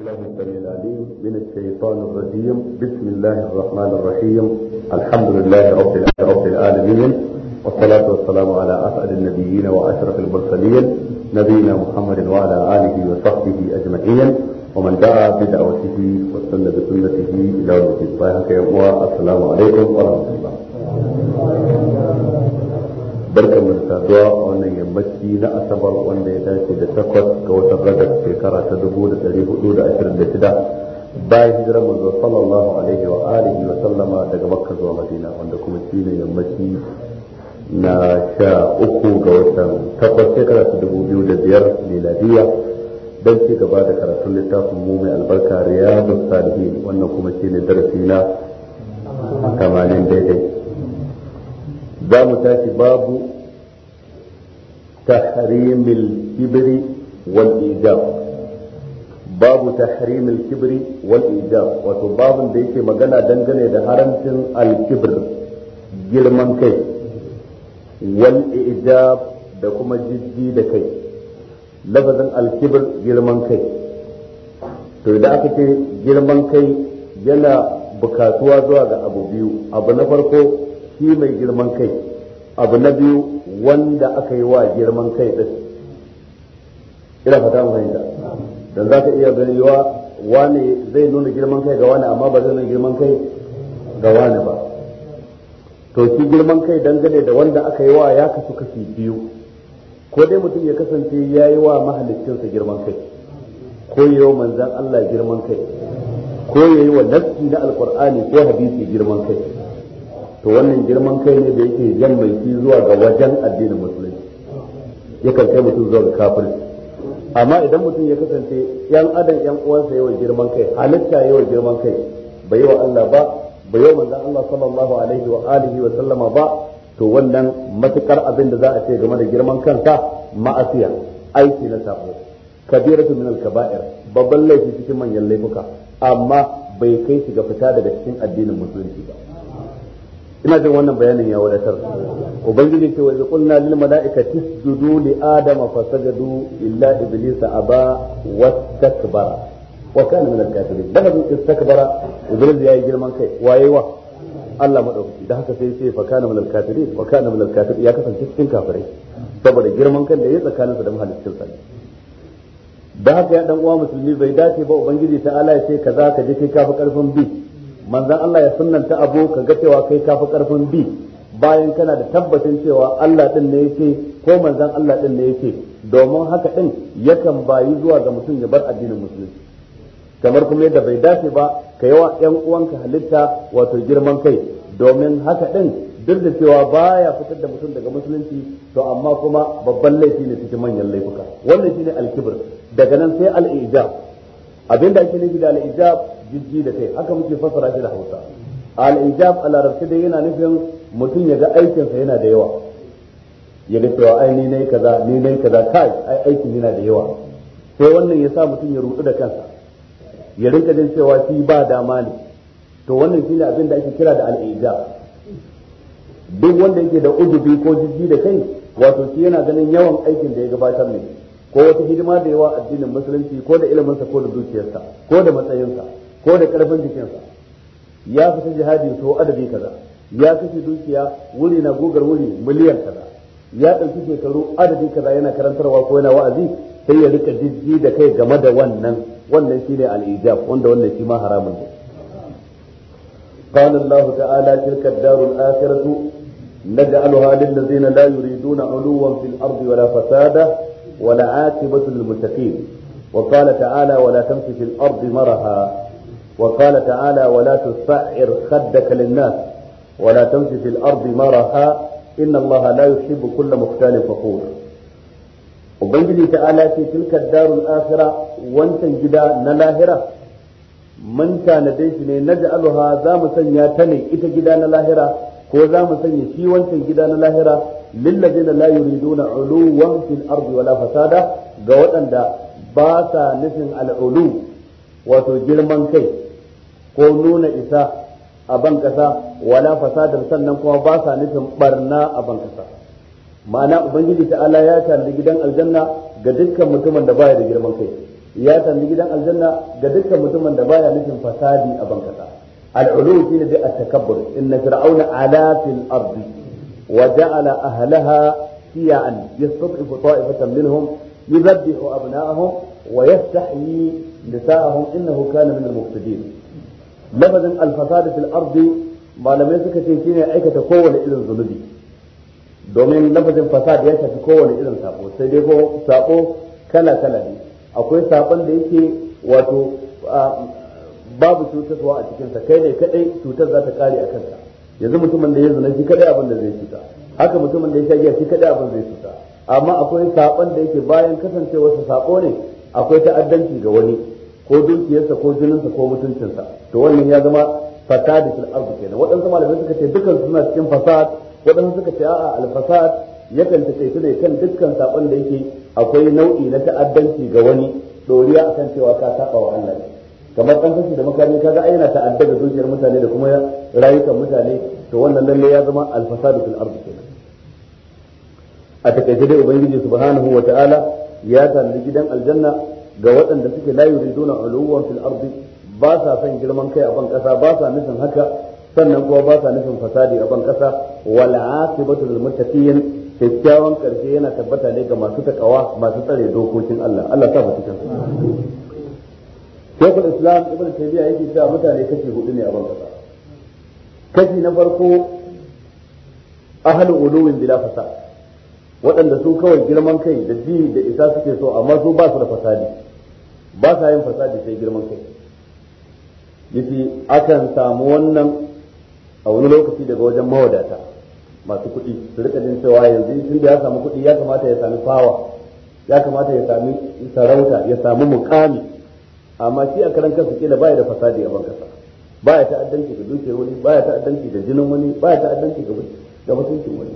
الله السميع العليم من الشيطان الرجيم بسم الله الرحمن الرحيم الحمد لله رب رب العالمين والصلاة والسلام على أسعد النبيين وأشرف المرسلين نبينا محمد وعلى آله وصحبه أجمعين ومن دعا بدعوته واستنى بسنته إلى يوم الدين السلام عليكم ورحمة الله بركة saduwa a wannan yammaci na asabar wanda ya dace da takwas ga watan ragar shekara ta dubu da dari hudu da ashirin da shida bayan hijirar manzo sallallahu alaihi wa alihi wa sallama daga makka zuwa madina wanda kuma shi ne yammaci na sha uku ga watan takwas shekara ta dubu biyu da biyar miladiya don ci gaba da karatun littafin mu mai albarka riyadu salihin wannan kuma shi ne darasi na tamanin daidai za mu tashi babu تحريم الكبر والإيجاب babu tahrimil kibri wal ijab wato babun da yake magana dangane da haramcin al kibr girman kai wal ijab da kuma jijji da kai lafazin alkibir girman kai to da aka ce girman kai yana bukatuwa zuwa ga abu biyu abu na farko shi mai girman kai abu na biyu wanda aka yi wa girman kai din ina fata mu fahimta dan ka iya ganewa wani zai nuna girman kai ga wani amma ba zai nuna girman kai ga wani ba to shi girman kai dangane da wanda aka yi wa ya kasu kashi biyu ko dai mutum ya kasance ya yi wa mahaliccinsa girman kai ko yi wa manzan Allah girman kai ko ya yi wa nafsi na alkur'ani ko hadisi girman kai to wannan girman kai ne da yake jan mai shi zuwa ga wajen addinin musulunci yakan kai mutum zuwa ga kafirci amma idan mutum ya kasance yan adam yan uwansa yawan girman kai halitta yawan girman kai bai yi wa Allah ba bai yi wa manzon Allah sallallahu alaihi wa alihi wa sallama ba to wannan matukar abin da za a ce game da girman kansa ma'asiya aiki na sabo kabiratu min al-kaba'ir babban laifi cikin manyan laifuka amma bai kai shi ga fita daga cikin addinin musulunci ba ina jin wannan bayanin ya wadatar ubangiji ce wanda qulna lil malaikati tisjudu li adama sajadu illa iblis aba wastakbara wa kana min al-kafirin da bazin istakbara iblis yayi girman kai waye wa Allah madaukaki da haka sai sai fa kana min al-kafirin wa kana min al-kafirin ya kasance cikin kafirai saboda girman kan da ya tsakaninsa da mahaliccinsa da haka ya dan uwa musulmi bai dace ba ubangiji ta ala ya ce kaza ka je kai kafi karfin bi manzon Allah ya sunnanta abu ka ga cewa kai kafi karfin bi bayan kana da tabbacin cewa Allah din ne yake ko manzon Allah din ne yake domin haka din yakan bayi zuwa ga mutum ya bar addinin musulunci kamar kuma yadda bai dace ba ka yawa yan uwanka halitta wato girman kai domin haka din duk da cewa baya fitar da mutum daga musulunci to amma kuma babban laifi ne cikin manyan laifuka wannan shine alkibir daga nan sai al-ijab abinda ake nufi da al jirgi da kai haka muke fassara shi da Hausa al-ijab a larabci dai yana nufin mutum ya ga aikinsa yana da yawa ya ga cewa ai ni nai kaza ni nai kaza kai ai aikin yana da yawa sai wannan ya sa mutum ya rudu da kansa ya rinka jin cewa shi ba dama ne to wannan shine abin da ake kira da al-ijab duk wanda yake da udubi ko jirgi da kai wato shi yana ganin yawan aikin da ya gabatar ne ko wata hidima da yawa addinin musulunci ko da iliminsa ko da dukiyarsa ko da matsayinsa ko da karfin jikinsa ya fita jihadi to adadi kaza ya kashe dukiya wuri na gogar wuri miliyan kaza ya ɗauki shekaru adadi kaza yana karantarwa ko yana wa'azi sai ya rika jijji da kai game da wannan wannan shine al-ijab wanda wannan shi ma haramun ne قال الله تعالى تلك الدار الآخرة نجعلها للذين لا يريدون علوا في الأرض ولا فسادا ولا عاقبة للمتقين وقال تعالى ولا تمشي في الأرض مرها وقال تعالى ولا تسعر خدك للناس ولا تمشي في الارض مرحا ان الله لا يحب كل مختال فخور ubangiji ta ala ce tilka darul akhira wancan gida na lahira man tanade shi ne na ja'aluha za mu sanya ta ne ita gida na lahira ko za mu sanya shi wancan gida na lahira lillazina la yuriduna uluwan fil ardi wala fasada ga waɗanda ba sa nufin al'ulu wato girman kai ko nuna isa a ban kasa wala fasadar sannan kuma ba sa nufin barna a ban kasa ma'ana ubangiji ta ala ya tambi gidan aljanna ga dukkan mutumin da baya da girman kai ya tambi gidan aljanna ga dukkan mutumin da baya nufin fasadi a ban kasa al'ulu ne da at-takabbur inna fir'auna ala fil ardi wa ja'ala ahlaha shiyan yastad'ifu ta'ifatan minhum yudabbihu abna'ahum wa yastahyi nisa'ahum innahu kana min al-mufsidin lafazin alfasada fil ardi malamai suka ce shine aikata kowane irin zunubi domin lafazin fasad ya tafi kowane irin sako sai dai ko sako kala kala ne akwai sakon da yake wato babu cutarwa a cikin kai ne kadai cutar za ta kare a kansa yanzu mutumin da ya zina shi kadai abin da zai cuta haka mutumin da ya sha giya shi kadai abin zai cuta amma akwai sakon da yake bayan kasancewarsa sako ne akwai ta'addanci ga wani ko dukiyarsa ko jininsa ko mutuncinsa to wannan ya zama fasad fil ard kenan waɗansu malamai suka ce dukkan suna cikin fasad waɗansu suka ce a'a al fasad yakan tace ne kan dukkan sabon da yake akwai nau'i na ta'addanci ga wani doriya akan cewa ka saba wa Allah kamar ɗan fashi da makami kaga ai yana ta'adda da zuciyar mutane da kuma rayukan mutane to wannan lalle ya zama alfasadu fil ardi kenan a takaice dai ubangiji subhanahu wata'ala ya tanadi gidan aljanna ga waɗanda suke layu la yuriduna uluwan fil ardi ba sa son girman kai a ban kasa ba sa nufin haka sannan kuma ba sa nufin fasadi a ban kasa wal aqibatu lil muttaqin kyakkyawan karshe yana tabbata ne ga masu takawa masu tsare dokokin Allah Allah ta fata cikin Shaykhul Islam Ibn Taymiyyah yake cewa mutane kashi hudu ne a ban kasa kashi na farko ahlul uluwin bila fasad waɗanda su kawai girman kai da ji da isa suke so amma su ba su da fasadi ba sa yin fasadi sai girman kai yace akan samu wannan a wani lokaci daga wajen mawadata masu kuɗi su rika jin cewa yanzu tun da ya samu kuɗi ya kamata ya sami fawa ya kamata ya sami sarauta ya sami mukami amma shi a karan kansa kila baya da fasadi a bankasa baya ta'addanci ga dukiyar wani baya ta'addanci ga jinin wani baya ta'addanci ga mutuncin wani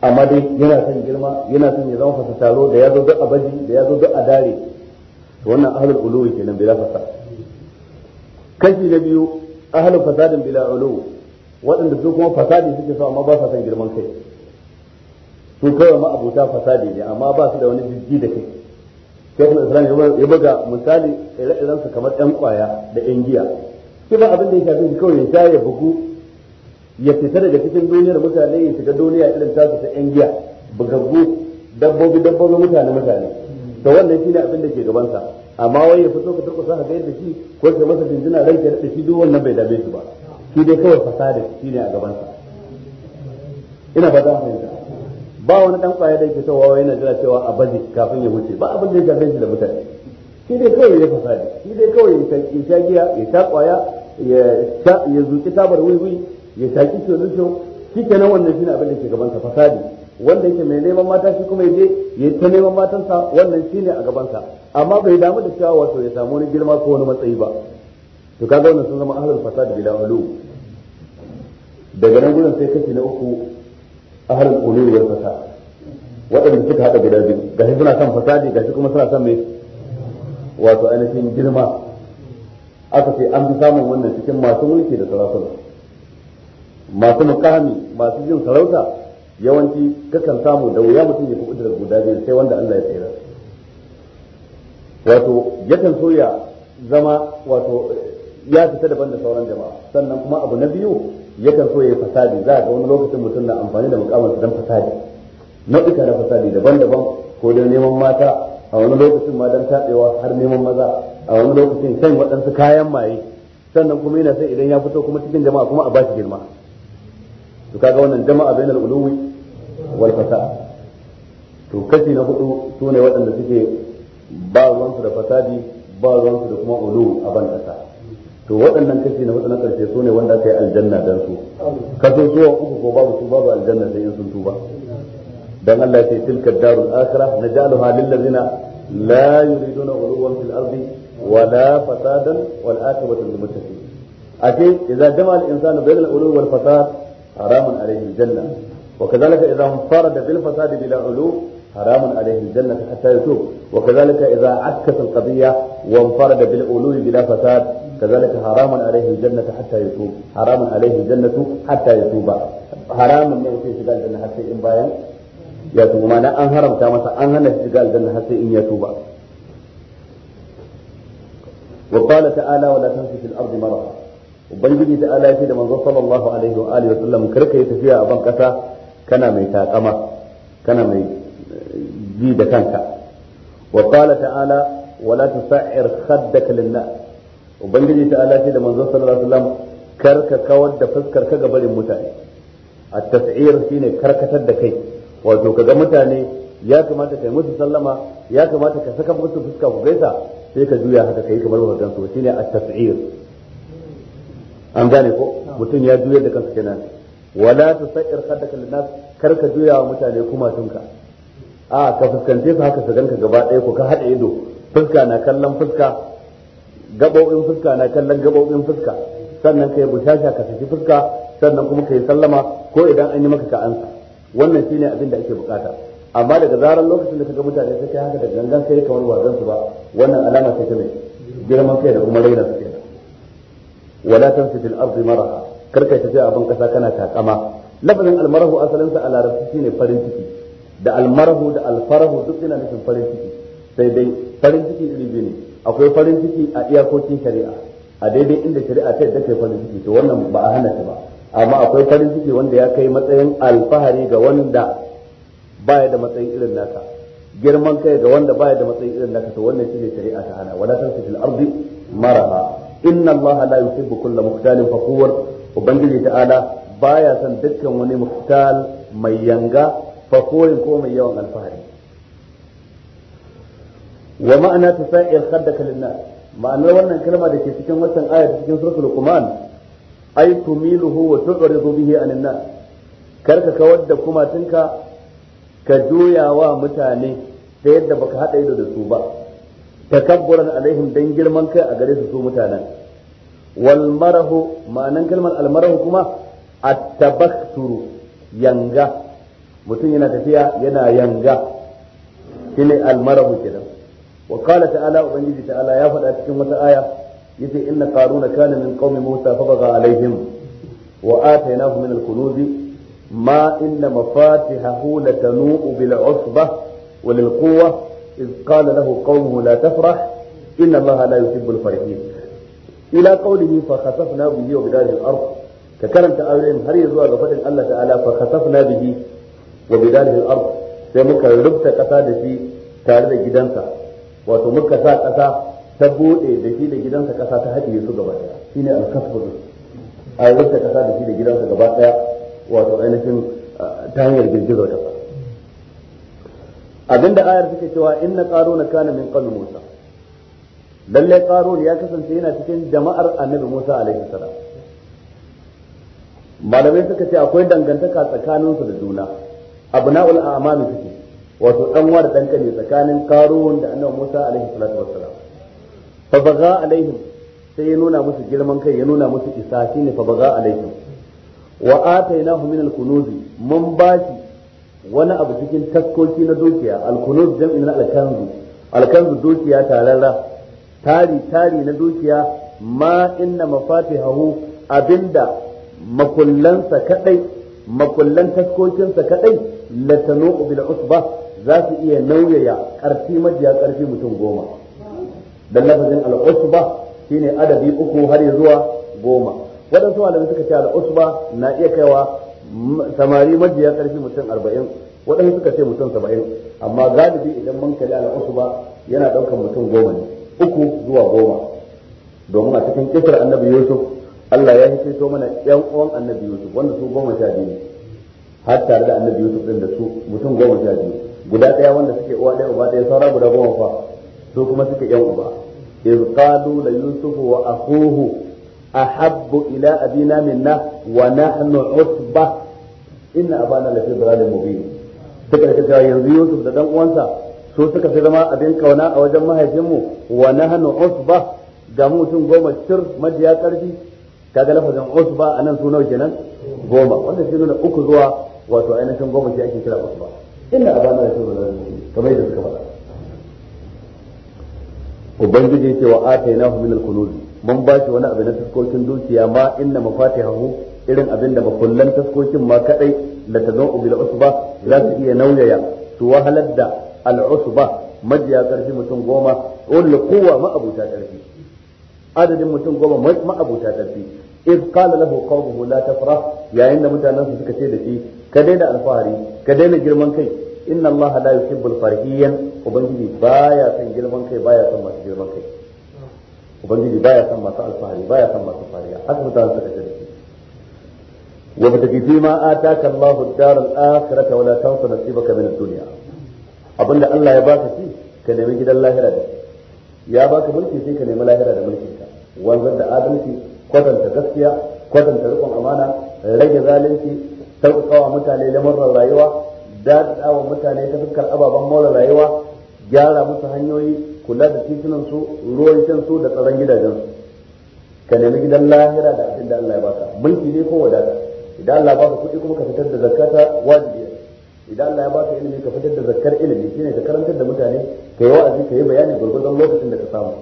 amma dai yana son girma yana son ya zama fasa taro da ya zo duk a baji da ya zo duk a dare to wannan ahlul ke kenan bila fasad kashi na biyu ahlul fasadin bila uluwi waɗanda su kuma fasadi suke so amma ba sa san girman kai su kawai ma abuta fasadi ne amma ba su da wani jijji da kai shekul islam ya buga misali ire-iren su kamar yan kwaya da yan giya shi ba abin da ya shafi kawai ya sha ya bugu ya fita daga cikin duniyar mutane ya shiga duniya irin tasu ta yan giya bugaggu dabbobi dabbobi mutane mutane da wannan shine abin da ke gabansa amma wai ya fito ka turkusa ka yadda shi ko ka masa dindina ranka da shi duk wannan bai dame shi ba shi dai kawai fasada shine a gabansa ina ba za fahimta ba wani dan kwaya da yake tawa wai yana jira cewa a baje kafin ya wuce ba abin da ya gabe shi da mutane shi dai kawai ya fasada shi dai kawai ya sha giya ya sha kwaya ya zuci tabar wiwi ya shaki sholusho shi kenan wannan shine abin da ke gabansa fasada wanda yake mai neman mata shi kuma yaje ya ta neman matansa wannan shine a gabansa amma bai damu da cewa wato ya samu wani girma ko wani matsayi ba to kaga wannan sun zama ahlul fasad bila ulu daga nan gudun sai kashi na uku ahlul ulu wal fasad wadanda suka hada guda biyu gashi suna son fasadi gashi kuma suna son mai wato ainihin girma aka ce an fi samun wannan cikin masu mulki da sarakuna masu mukami masu jin sarauta yawanci kakan samu da wuya mutum ya kuɓuta daga guda biyu sai wanda Allah ya tsira wato yakan so ya zama wato ya fita daban da sauran jama'a sannan kuma abu na biyu yakan so ya yi fasadi za ga wani lokacin mutum na amfani da mukamansa don fasadi nau'ika na fasadi daban-daban ko don neman mata a wani lokacin ma don taɓewa har neman maza a wani lokacin shan waɗansu kayan maye sannan kuma yana son idan ya fito kuma cikin jama'a kuma a ba shi girma to kaga wannan jama'a bainal ulumi wal fasad to kashi na hudu sune waɗanda suke ba ruwansu da fasadi ba ruwansu da kuma ulu a ban kasa to waɗannan kashi na hudu na karshe sune wanda aka yi aljanna dan su kaso suwa uku ko babu su babu aljanna sai in sun tuba dan Allah ya ce tilka darul akhirah naj'aluha lil ladzina la yuriduna uluwan fil ardi ولا فسادا والعاقبة للمتقين أتي إذا جمع الإنسان بين العلو والفساد حرام عليه الجنة وكذلك إذا انفرد بالفساد بلا علو حرام عليه الجنة حتى يتوب وكذلك إذا عكس القضية وانفرد بالعلو بلا فساد كذلك حرام عليه الجنة حتى يتوب حرام عليه الجنة حتى يتوب حرام من يوتي في aljanna حتى sai in bayan ya tuba ma an haramta masa an hana shiga aljanna har sai in ya tuba wa qala ta'ala wa ubangiji ta ala da manzo sallallahu alaihi wa alihi wasallam kar ka yi tafiya a ban kasa kana mai takama kana mai eh, ji da kanka wa qala ta'ala wala tusa'ir khaddaka lin-nas ubangiji ta ala da manzo sallallahu alaihi wa sallam kawar da fuskar ka ga barin mutane at-tas'ir shine karkatar da kai wato kaga mutane ya kamata kai musu sallama ya kamata ka saka musu fuska ku gaisa sai ka juya haka kai kamar ba ka gansu shine at-tas'ir an gane ko mutum ya juyar da kansa kenan wala tusair khaddaka linnas kar ka juya wa mutane kumatunka a ka fuskance su haka su ganka gaba ɗaya ko ka haɗa ido fuska na kallon fuska gabobin fuska na kallon gabobin fuska sannan kai bushasha ka saki fuska sannan kuma kai sallama ko idan an yi maka ka ansa wannan shine abin da ake bukata amma daga zarar lokacin da kaga mutane sai haka da gangan kai kamar ba gansu ba wannan alama ce ta mai girman kai da kuma raina su wala tamshi fil ardi maraha karka tafi a ban kasa kana takama lafazin almarahu asalin sa a larabci shine farin ciki da almarahu da alfarahu duk yana nufin farin ciki sai dai farin ciki iri biyu ne akwai farin ciki a iyakokin shari'a a daidai inda shari'a ta yadda kai farin ciki to wannan ba a hana ta ba amma akwai farin ciki wanda ya kai matsayin alfahari ga wanda baya da matsayin irin naka girman kai ga wanda baya da matsayin irin naka to wannan shine shari'a ta hana wala tansu fil ardi maraha inna Allah la yuhibbu kulla muhtalin fakhur ubangiji ta'ala baya son dukkan wani muhtal mai yanga fakhurin ko mai yawan alfahari wa ma'ana tasa'il khaddaka lin-nas ma'anar wannan kalma da ke cikin wannan aya cikin suratul Luqman ay ka wa tu'ridu bihi anin nas karka kawar da kumatinka ka wa mutane ta yadda baka haɗa ido da su ba takabburan alaihim dan girman kai a gare su su mutanen wal marahu ma'anan kalmar al kuma at yanga mutum yana tafiya yana yanga shine al marahu kenan wa qala ta'ala ubangiji ta'ala ya faɗa cikin wata aya yace inna na kane min qaumi musa fa baga alaihim wa atainahu min al-kunuz ma inna mafatihahu latanu bil usbah wa lil quwwah إذ قال له قومه لا تفرح إن الله لا يحب الفرحين إلى قوله فخسفنا به وبداره الأرض ككرمت faɗin هل يزوى بفضل الله تعالى فخسفنا به وبداره الأرض sai muka rubta ƙasa da shi tare da gidansa wato muka sa ƙasa ta buɗe da shi da gidansa ƙasa ta haɗiye su gaba ɗaya shine alkasbu a rubta ƙasa da shi da gidansa wato ainihin ta hanyar girgizar ƙasa abinda ayar suke cewa inna na kana min qawmi musa lalle qarun ya kasance yana cikin jama'ar annabi musa alaihi salam malamai suka ce akwai dangantaka tsakanin su da juna abna'ul a'mal suke wato dan war dan kane tsakanin qarun da annabi musa alaihi salatu wassalam fa baga alaihim sai ya nuna musu girman kai ya nuna musu isa shine fa baga alaihim wa atainahu min al-kunuz mun bashi wani abu cikin taskoki na dukiya alkunuz jam'in alkanzu alkanzu dukiya tararra tari tari na dukiya ma inna mafatihahu abinda makullansa kadai makullan taskokinsa kadai latanu bil usba za su iya nauyaya karfi majiya karfi mutum goma dan lafazin al usba shine adadi uku har zuwa goma wadansu malamai suka ce al usba na iya kaiwa samari majiya karfi mutum arba'in waɗanda suka ce mutum saba'in amma galibi idan mun kalli al'usu ba yana ɗaukar mutum goma ne uku zuwa goma domin a cikin kisar annabi yusuf Allah ya hito mana yan uwan annabi yusuf wanda su goma sha biyu har tare da annabi yusuf din da su mutum goma sha biyu guda ɗaya wanda suke uwa ɗaya uba ɗaya saura guda goma fa su kuma suke yan uba iz qalu la yusuf wa akhuhu ahabbu ila abina minna wa nahnu utbah inna abana la fi dhalalin mubin suka rika cewa yanzu Yusuf da dan uwansa so suka fi zama abin kauna a wajen mahaifinmu wa nahnu usba ga mutum goma cir majiya karfi kaga lafazin usba anan su nawa kenan goma wanda shi nuna uku zuwa wato ainihin goma shi ake kira usba inna abana la fi dhalalin mubin kamar yadda suka faɗa ubangiji ya ce wa atainahu min al-kunuz mun ba shi wani abu na tuskokin dukiya ma inna mafatihahu irin abin da makullan taskokin ma kadai la tazau bil usba za su iya nauyaya su wahalar da al usba majiya karfi mutum goma wanda kowa ma karfi adadin mutum goma ma abuta karfi iz qala lahu qawmuhu la tafrah yayin da mutanen su suka ce da shi ka daina alfahari ka daina girman kai inna allaha la yuhibbul farihiyan ubangiji baya son girman kai baya son masu girman kai ubangiji baya son masu alfahari baya son masu fariya haka mutanen وابتغ فيما آتاك الله الدار الآخرة ولا ka نصيبك من الدنيا abin da Allah ya baka shi ka nemi gidan lahira da ya baka mulki sai ka nemi lahira da mulki ka wanzar da adalci kwatanta gaskiya kwatanta rikon amana rage zalunci sauƙaƙawa mutane lamarin rayuwa daɗaɗa wa mutane ta fuskar ababen more rayuwa gyara musu hanyoyi kula da titunansu, su ruwan su da tsaron gidajen ka nemi gidan lahira da abin da Allah ya baka mulki ne ko wadata idan Allah ba ka kuɗi kuma ka fitar da zakata wajibi idan Allah ya ba ka ilimi ka fitar da zakkar ilimi shine ka karantar da mutane ka yi wa'azi ka yi bayani gurgurdan lokacin da ka samu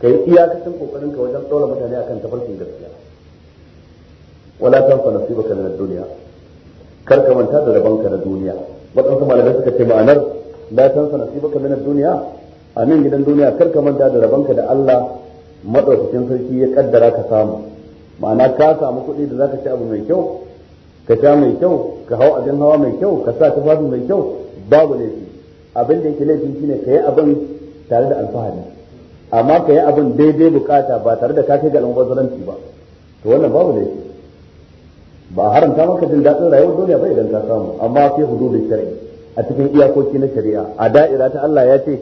ka yi iyakacin kokarin ka wajen ɗora mutane akan tafarkin gaskiya wala tanfa nasibaka min ad-dunya kar ka manta da ka na duniya waɗansu malamai suka ce ma'anar la tansa nasibaka min ad-dunya a nan gidan duniya kar ka manta da rabanka da Allah madaukakin sarki ya kaddara ka samu ma'ana ka samu kuɗi da zaka ci abu mai kyau ka sha mai kyau ka hau abin hawa mai kyau ka sa tufafi mai kyau babu laifi abin da yake laifi shine ka yi abin tare da alfahari amma ka yi abin daidai bukata ba tare da ka kai ga almubazzaranci ba to wannan babu laifi ba a haramta maka jin daɗin rayuwar duniya ba idan ka samu amma fi hududin shari'i a cikin iyakoki na shari'a a da'ira ta Allah ya ce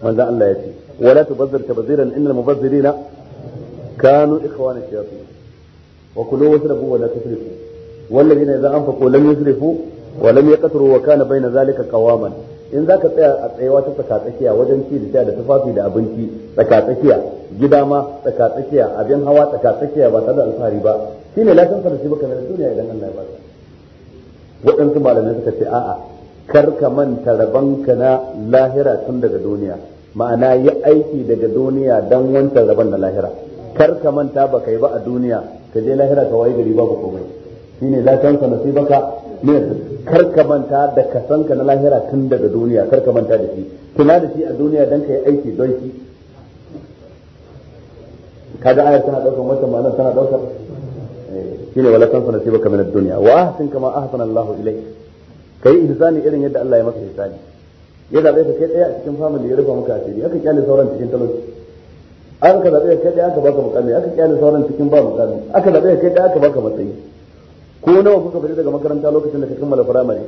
manzo Allah ya ce wala tubazzir tabziran innal mubazzirina kanu ikhwana shayatin wa kulu wasrabu wa la tusrifu والذين إذا أنفقوا لم يسرفوا ولم يقتروا وكان بين zalika قواما in zaka tsaya a tsayawa ta tsakatsakiya wajen ci da da tufafi da abinci tsakatsakiya gida ma tsakatsakiya abin hawa tsakatsakiya ba tare da alfahari ba shine lafiyar da shi baka da duniya idan Allah ya ba waɗansu malamai suka ce a'a kar ka manta rabanka na lahira tun daga duniya ma'ana yi aiki daga duniya dan wancan raban na lahira kar ka manta ba kai ba a duniya ka je lahira ka wayi gari babu komai shine la tansa nasibaka kar ka manta da ka kasanka na lahira tun daga duniya Kar ka manta da shi kula da shi a duniya dan kai aiki don shi kaga ayar tana daukar wata ma'anar tana daukar eh, shine wala tansa nasibaka min ad-dunya wa ahsin kama ahsana Allahu ilayk kai ihsani irin yadda Allah ya maka ihsani ya zabe ka kai daya a cikin da ya rufa maka asiri aka kyale sauran cikin talauci aka zabe ka kai daya aka baka mukami aka kyale sauran cikin ba mukami aka zabe ka kai daya aka baka matsayi ko nawa kuka fita daga makaranta lokacin da ka kammala firamare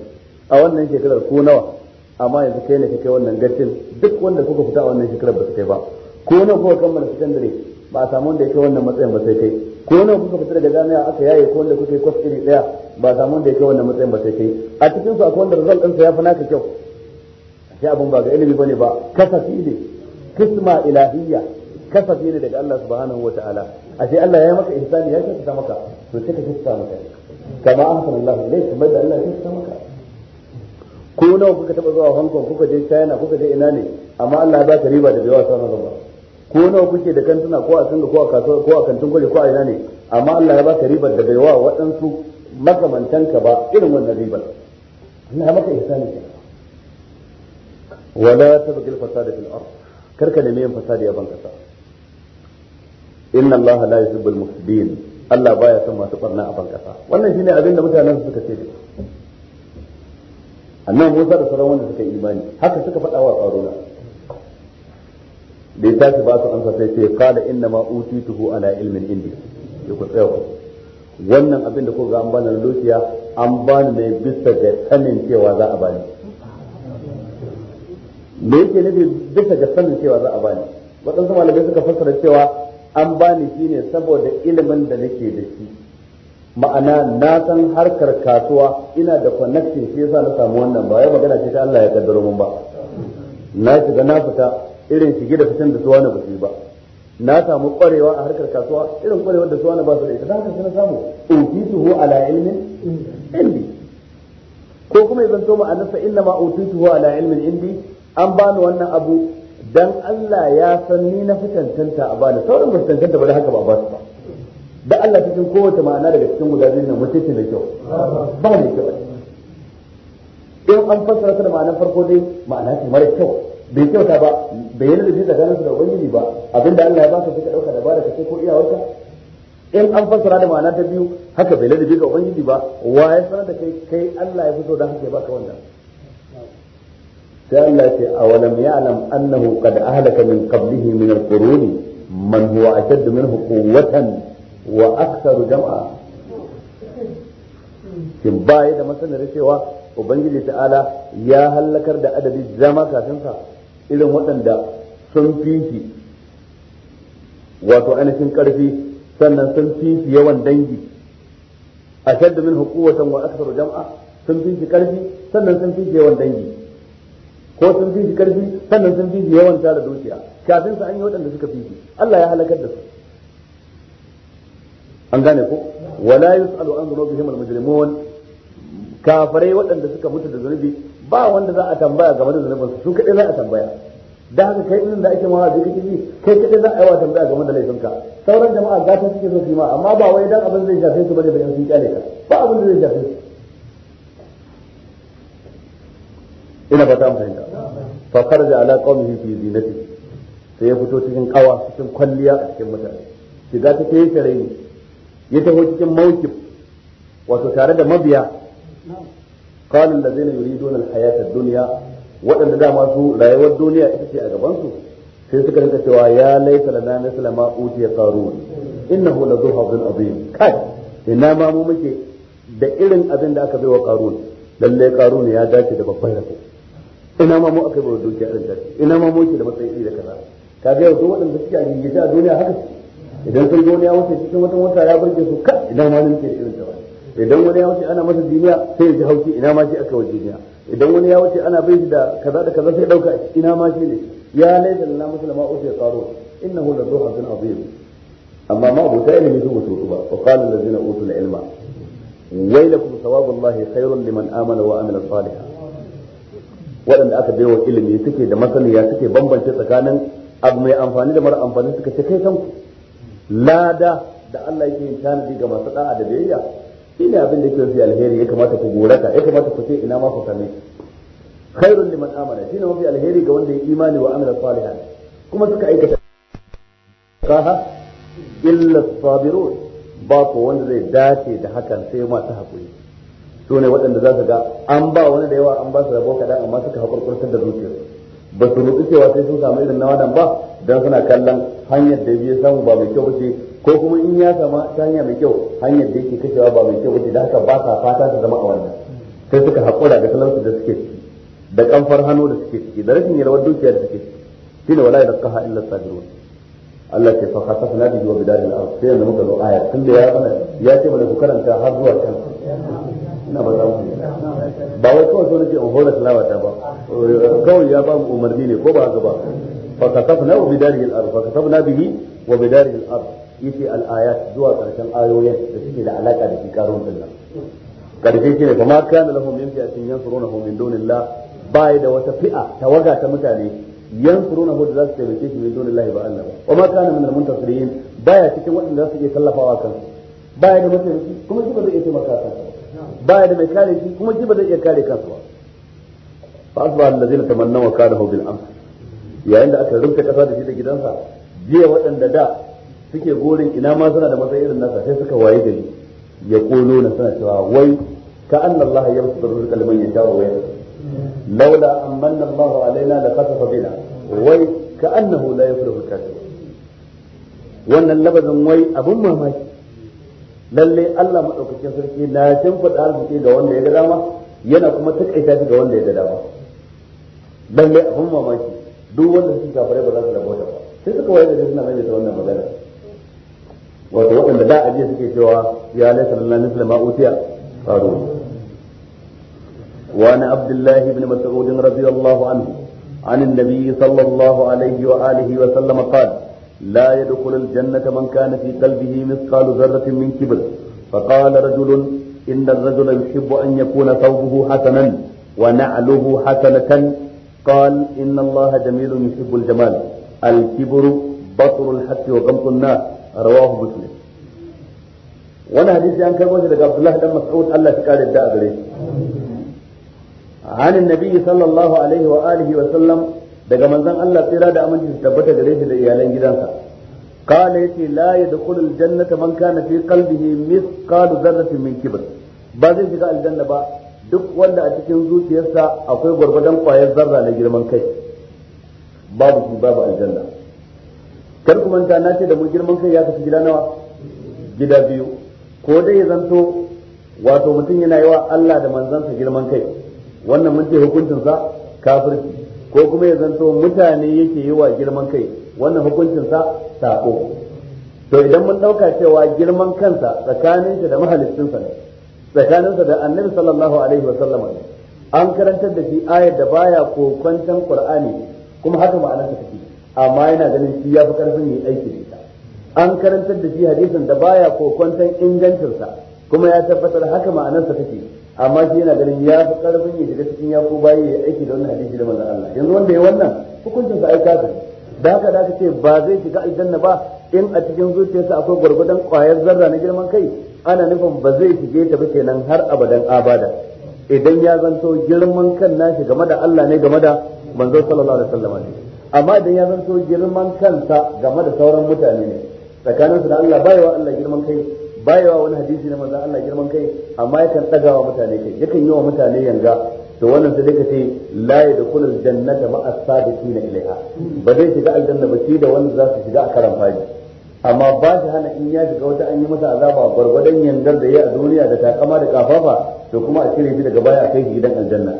a wannan shekarar ko nawa amma yanzu kai ne ka kai wannan gacin duk wanda kuka fita a wannan shekarar ba su kai ba ko nawa kuka kammala sakandare ba a samu wanda ya kai wannan matsayin ba sai kai ko nawa kuka fita daga jami'a aka yaye ko wanda kuka yi kwas iri daya ba a samu wanda ya kai wannan matsayin ba sai kai a cikin su akwai wanda result ɗinsa ya fi naka kyau sai abin ba ga ilimi bane ba kasafi ne kisma ilahiyya kasafi ne daga Allah subhanahu wataala ashe Allah ya maka ihsani ya kyautata maka to sai ka kisa maka kama ahsan Allah ilayk kamar da Allah ya saka maka ko nawa kuka taba zuwa Hong Kong kuka je China kuka je ina ne amma Allah ya baka riba da bai wasa maka ko nawa kuke da kantuna ko a singa ko a kasuwa ko a kantin gwale ko a ina ne amma Allah ya baka ka ribar da bai wa waɗansu makamantanka ba irin wannan ribar Allah ya maka ihsani kenan ولا تبغي الفساد في الارض كركن مين فساد يا بنكسا ان الله la يحب المفسدين Allah baya son masu barna a bankasa wannan shine abin da mutanen suka ce annan Musa da sauran wanda suka imani haka suka faɗa wa Qaruna da ya tashi ba su amsa sai sai qala inna ma utituhu ala ilmin indi ya ku tsaya wannan abin da kuka ga an bani lokiya an bani ne bisa ga sanin cewa za a bani me yake nufi bisa ga sanin cewa za a bani waɗansu malamai suka fassara cewa an bani shi ne saboda ilimin da nake da shi ma'ana na san harkar kasuwa ina da connection shi yasa na samu wannan ba Yau magana ce ta Allah ya kaddaro mun ba na shiga na fita irin shige da fitan da suwa na ba ba na samu kwarewa a harkar kasuwa irin kwarewa da suwana ba su da ita dan haka na samu utituhu ala ilmin indi ko kuma ya zanto ma'anarsa inna ma utituhu ala ilmin indi an bani wannan abu dan Allah ya san ni na fi a bani sauran ba fitantanta ba da haka ba ba su ba da Allah cikin kowace ma'ana daga cikin guda biyu nan wace ce kyau ba mai kyau in an fassara ta da ma'anar farko dai ma'ana ce mara kyau bai kyauta ba bai yi lalace tsakanin su da ubangiji ba abinda Allah ya ka sai ka dauka ba ka ce ko iyawarka in an fassara da ma'ana ta biyu haka bai da ga ubangiji ba wa ya sanar da kai kai Allah ya fito da haka ya baka wannan sai Allah ce a walam ya'lam annahu qad ahlaka min qablihi min al-qurun man huwa ashadd minhu quwwatan wa aktharu jam'a kin baya da masanar cewa ubangiji ta'ala ya halakar da adadi zama kafin sa irin waɗanda sun fi shi wato ainihin karfi sannan sun fi shi yawan dangi ashadd minhu quwwatan wa aktharu jam'a sun fi shi karfi sannan sun fi shi yawan dangi ko sun fi shi karfi sannan sun fi shi yawan tara dukiya kafin su an yi waɗanda suka fi shi Allah ya halakar da su an gane ko wala yusalu an dhunubihim al-mujrimun kafirai waɗanda suka mutu da zunubi ba wanda za a tambaya game da zunubin su kadai za a tambaya da haka kai irin da ake mawa zai kake ji kai kadai za a yi wa tambaya game da laifinka sauran jama'a gata suke so su yi ma amma ba wai dan abin zai shafe su bane bayan sun kyale ka ba abin da zai shafe su ina fata an fahimta fa kharaja ala qaumihi fi zinati sai ya fito cikin kawa cikin kwalliya a cikin mutane shiga ta kai tare ya taho cikin mawkif wato tare da mabiya qala allazina yuriduna alhayata ad-dunya waɗanda dama su rayuwar duniya ita ce a gaban su sai suka rinka cewa ya laita lana misla ma utiya qarun innahu la zuhabun azim kai ina ma mu muke da irin abin da aka bai wa qarun lalle qarun ya dace da babban rabo ina ma mu aka bar dukiya irin ta ina ma mu da matsayi iri da kaza kaga yau duk waɗanda suke a gingice a duniya haka idan sun ga wani ya wuce cikin wata wata ya burge su kan ina ma nan ke irin ta ba idan wani ya wuce ana masa duniya sai ya ji hauki ina ma shi aka wa duniya idan wani ya wuce ana bai da kaza da kaza sai dauka ina ma shi ne ya laifin na musulma uti ya qaro innahu la duha bin azim amma ma abuta ilimi su mutu ba wa zina utu na ilma waylakum thawabullahi khairun liman amana wa amila salihan waɗanda aka baiwa ilimi suke da masaniya suke bambance tsakanin abu mai amfani da mara amfani suka ce kai kanku lada da Allah yake yin tanadi ga masu da'a da biyayya shi ne abin da yake fi alheri ya kamata ku gorata ya kamata ku ce ina ma ku same khairun liman amana shine mafi alheri ga wanda ya imani wa amila salihan kuma suka aikata kaha illa sabirun ba ko wanda zai dace da hakan sai masu hakuri su ne waɗanda za su ga an ba wani da yawa an ba su rabo kaɗan amma suka haƙurƙurtar da zuciya. ba su rudu cewa sai sun samu irin na ba don suna kallon hanyar da biyu samu ba mai kyau ba ko kuma in ya sama ta hanya mai kyau hanyar da yake kashewa ba mai kyau ba ce da haka ba sa fata ta zama a wannan sai suka haƙura da talauci da suke ciki da kamfar hannu da suke ciki da rashin yalwar dukiya da suke ciki ne wala yadqaha illa sabirun Allah ke fa khasafna bihi wa bidaril ard sai yanzu muka zo ayar ya ya ce mana ku karanta har zuwa kan na ba za mu ba wai kawai so nake in salawa ta ba kawai ya ba mu umarni ne ko ba haka ba fa na wa bidarihi al-ard fa kasafna bihi wa bidarihi al-ard yace al-ayat zuwa karshen ayoyin da suke da alaka da shi karun dinnan karshe shine fa ma kana lahum min fi'atin yansurunahu min dunillah bai da wata fi'a tawaga ta mutane yansurunahu da za su taimake shi min dunillahi ba Allah ba wa ma kana min al-muntasirin baya cikin waɗanda za su iya tallafawa kansu baya da mataimaki kuma shi ba zai iya taimaka kansa baya da mai kare shi kuma shi ba zai iya kare kansa ba fa asba allazina tamannaw kanahu bil amr yayin da aka rubuta kasa da shi da gidansa jiya waɗanda da suke gorin ina ma suna da matsayin irin nasa sai suka waye gari ya kono na suna cewa wai ka anna Allah ya musu da rizqa liman yasha wa yasha laula amanna Allah alaina la khasafa bina wai ka annahu la yuflihu kafir wannan labazin wai abun mamaki lalle Allah madaukakin sarki na jin fada arziki ga wanda ya ga dama yana kuma takaita shi ga wanda ya ga dama lalle abun mamaki duk wanda suke kafare ba za su rabota ba sai suka wayar da suna mai ta wannan magana wato waɗanda da aje suke cewa ya laisa lillahi misla ma utiya qarun وعن عبد الله بن مسعود رضي الله عنه عن النبي صلى الله عليه وآله وسلم قال لا يدخل الجنة من كان في قلبه مثقال ذرة من كبر فقال رجل إن الرجل يحب أن يكون ثوبه حسنا ونعله حسنة قال إن الله جميل يحب الجمال الكبر بطر الحق وغمط الناس رواه مسلم وانا حديث عن كلمة لك عبد الله بن مسعود الله تكاد الداء عن النبي صلى الله عليه وآله وسلم daga manzon Allah tsira da aminci su tabbata gare shi da iyalan gidansa kala yace la yadkhulu aljannata man kana fi qalbihi mithqalu dharratin min kibr ba zai shiga aljanna ba duk wanda a cikin zuciyarsa akwai gwargwadon kwayar zarra na girman kai babu shi babu aljanna kar ku manta na ce da mu girman kai ya tafi gida nawa gida biyu ko dai ya zanto wato mutum yana yawa Allah da manzansa girman kai wannan mun ce sa kafirci ko kuma ya zanto mutane yake yi wa girman kai wannan hukuncin sa sako to idan mun dauka cewa girman kansa tsakanin shi da mahaliccinsa ne tsakaninsa da annabi sallallahu alaihi wa sallama an karantar da shi ayar da baya kokwancan qur'ani kuma haka ma'anar ta take amma yana ganin shi yafi karfin yi aiki da ita an karantar da shi hadisin da baya kokwancan ingancinsa kuma ya tabbatar haka ma'anar ta take amma shi yana ganin ya fi karfin ya shiga cikin ya ko bayi ya aiki da wannan hadisi da manzon Allah yanzu wanda ya wannan hukuncin sa ai kafir da haka da ce ba zai shiga aljanna ba in a cikin zuciyarsa akwai gwargwadon kwayar zarra na girman kai ana nufin ba zai shige ta ba kenan har abadan abada idan ya zanto girman kan nashi game da Allah ne game da manzon sallallahu alaihi wasallam ne amma idan ya zanto girman kansa game da sauran mutane ne tsakaninsu da Allah bai wa Allah girman kai bayawa wani hadisi na manzon Allah girman kai amma yakan wa mutane kai yakan yi wa mutane yanga to wannan sai ka ce la yadkhulul jannata ma'a sabiqina ilaiha ba zai shiga aljanna ba shi da wanda za su shiga a karan amma ba shi hana in ya shiga wata an yi masa azaba gwargwadon yangar da ya a duniya da takama da kafafa to kuma a cire shi daga baya a kai shi gidan aljanna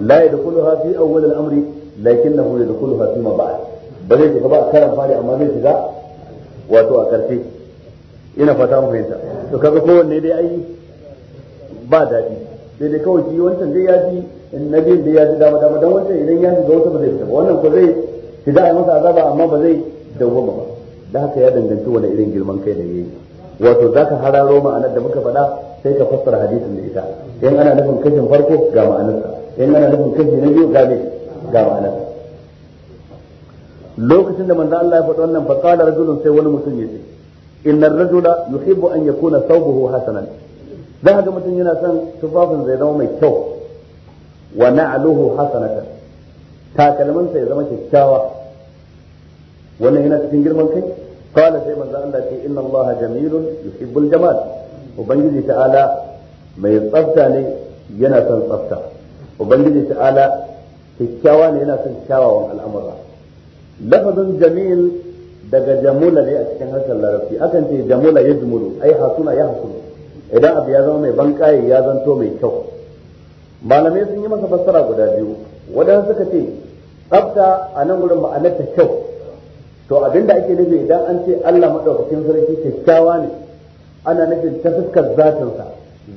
la yadkhuluha fi awwal al-amri lakinnahu yadkhuluha fi ma ba'd ba zai shiga ba a karan fari amma zai shiga wato a karshe ina fata mu fahimta to kaga kowanne dai ai ba daɗi sai dai kawai shi wancan dai ya ji nabiyin dai ya ji dama dama dan wancan idan ya shiga wata ba zai fita ba wannan ko zai shiga a masa azaba amma ba zai dawwama ba da haka ya danganci wani irin girman kai da yayi wato zaka hararo ma'anar da muka faɗa sai ka fassara hadisin da ita in ana nufin kashin farko ga ma'anarsa in ana nufin kashi na biyu ga me ga ma'anarsa lokacin da manzo Allah ya faɗa wannan fa qala rajulun sai wani mutum ya ce إن الرجل يحب أن يكون ثوبه حسنا ذا جمعة ينسى صفاف زي دوم الثوب ونعله حسنة تاكل من سيد رمك الشاوة وانا هنا تنجر من كي قال زي من ذا التي إن الله جميل يحب الجمال وبنجد تعالى ما يصفت لي ينسى صفتا وبنجد تعالى في الشاوة ينسى الشاوة الأمر لفظ جميل daga jamula ne a cikin harshen larabci akan ce jamula ya jumulu ai hasuna ya hasuna idan abu ya zama mai bankaye ya zanto mai kyau malamai sun yi masa fassara guda biyu wadanda suka ce tsafta a nan gurin ma'anar ta kyau to abinda ake nufi idan an ce Allah madaukakin sarki kyakkyawa ne ana nufin ta fuskar zatinsa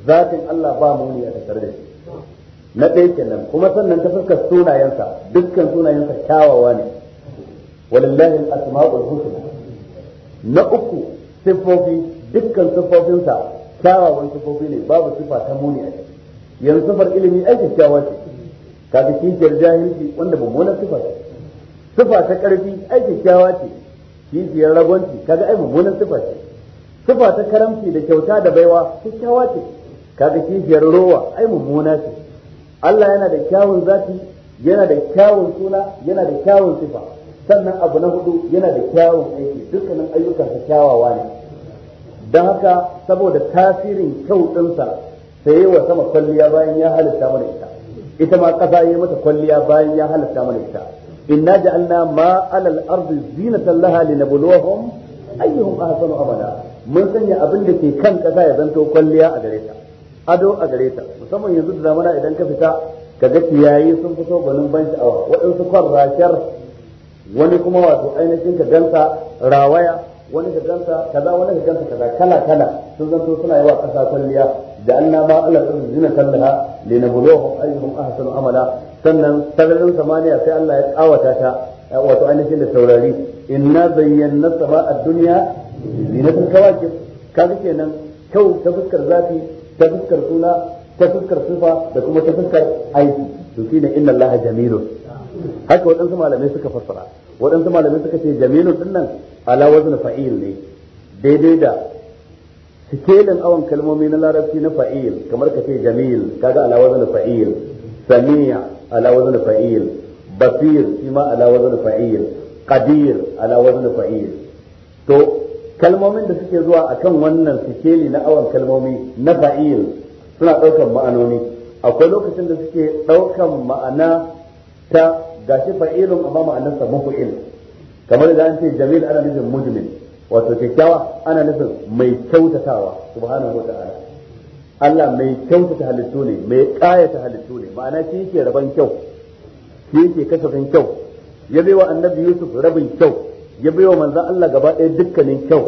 zatin Allah ba muni a tattare da shi na ɗaya kenan kuma sannan ta fuskar sunayensa dukkan sunayensa kyawawa ne walillahi al-asma'ul husna na uku sifofi dukkan sifofinsa kyawawan sifofi ne babu sifa muni a ciki yanzu sifar ilimi ai kyakkyawa ce kaga kishiyar jahilci wanda mummunan sifa ce sifa karfi ai kyakkyawa ce kishiyar ragonci kaga ai mummunan sifa ce ta karamci da kyauta da baiwa kyakkyawa ce kaga kishiyar rowa ai mummuna ce Allah yana da kyawun zafi yana da kyawun suna yana da kyawun sifa sannan abu na hudu yana da kyawun aiki dukkanin ayyuka ta kyawawa ne don haka saboda tasirin kyau ɗinsa sai wa sama kwalliya bayan ya halitta mana ita ita ma ƙasa yi mata kwalliya bayan ya halitta mana ita inna ja'alna ma alal ardi zinatan laha linabluwahum ayyuhum ahsanu amala mun sanya abin da ke kan kasa ya zanto kwalliya a gare ta ado a gare ta musamman yanzu da zamana idan ka fita kaga ciyayi sun fito gwanin ban sha'awa waɗansu kwarrashar wani kuma wato ainihin ka gansa rawaya wani ka gansa kaza wani ka gansa kaza kala kala sun zanto suna yawa kasa kwalliya da anna ma Allah sun zina kallaha linabluhum ayyuhum ahsanu amala sannan sararin samaniya sai Allah ya tsawata ta eh, wato ainihin da taurari inna zayyana sama'a duniya zinatul kawakib kaga kenan kyau ta fuskar zafi ta fuskar suna ta fuskar sufa da kuma ta fuskar aiki to shine inna Allah jamilun haka waɗansu malamai suka fassara waɗansu malamai suka ce jamilun din nan ala wazn fa'il ne daidai da sikelin awon kalmomi na larabci na fa'il kamar ka ce jamil kaga ala wazn fa'il sami'a ala wazn fa'il basir shi ma ala wazn fa'il qadir ala wazn fa'il to kalmomin da suke zuwa akan wannan sikeli na awon kalmomi na fa'il suna ɗaukan ma'anoni akwai lokacin da suke ɗaukan ma'ana ta gashi fa'ilun amma ma'anarsa mafu'il kamar da an ce jamil ana nufin mujmin wato kyakkyawa ana nufin mai kyautatawa subhanahu wata'ala Allah mai kyautata halittu ne mai kayata halittu ne ma'ana shi yake raban kyau shi yake kasafin kyau ya bai wa annabi Yusuf rabin kyau ya bai wa manzan Allah gaba ɗaya dukkanin kyau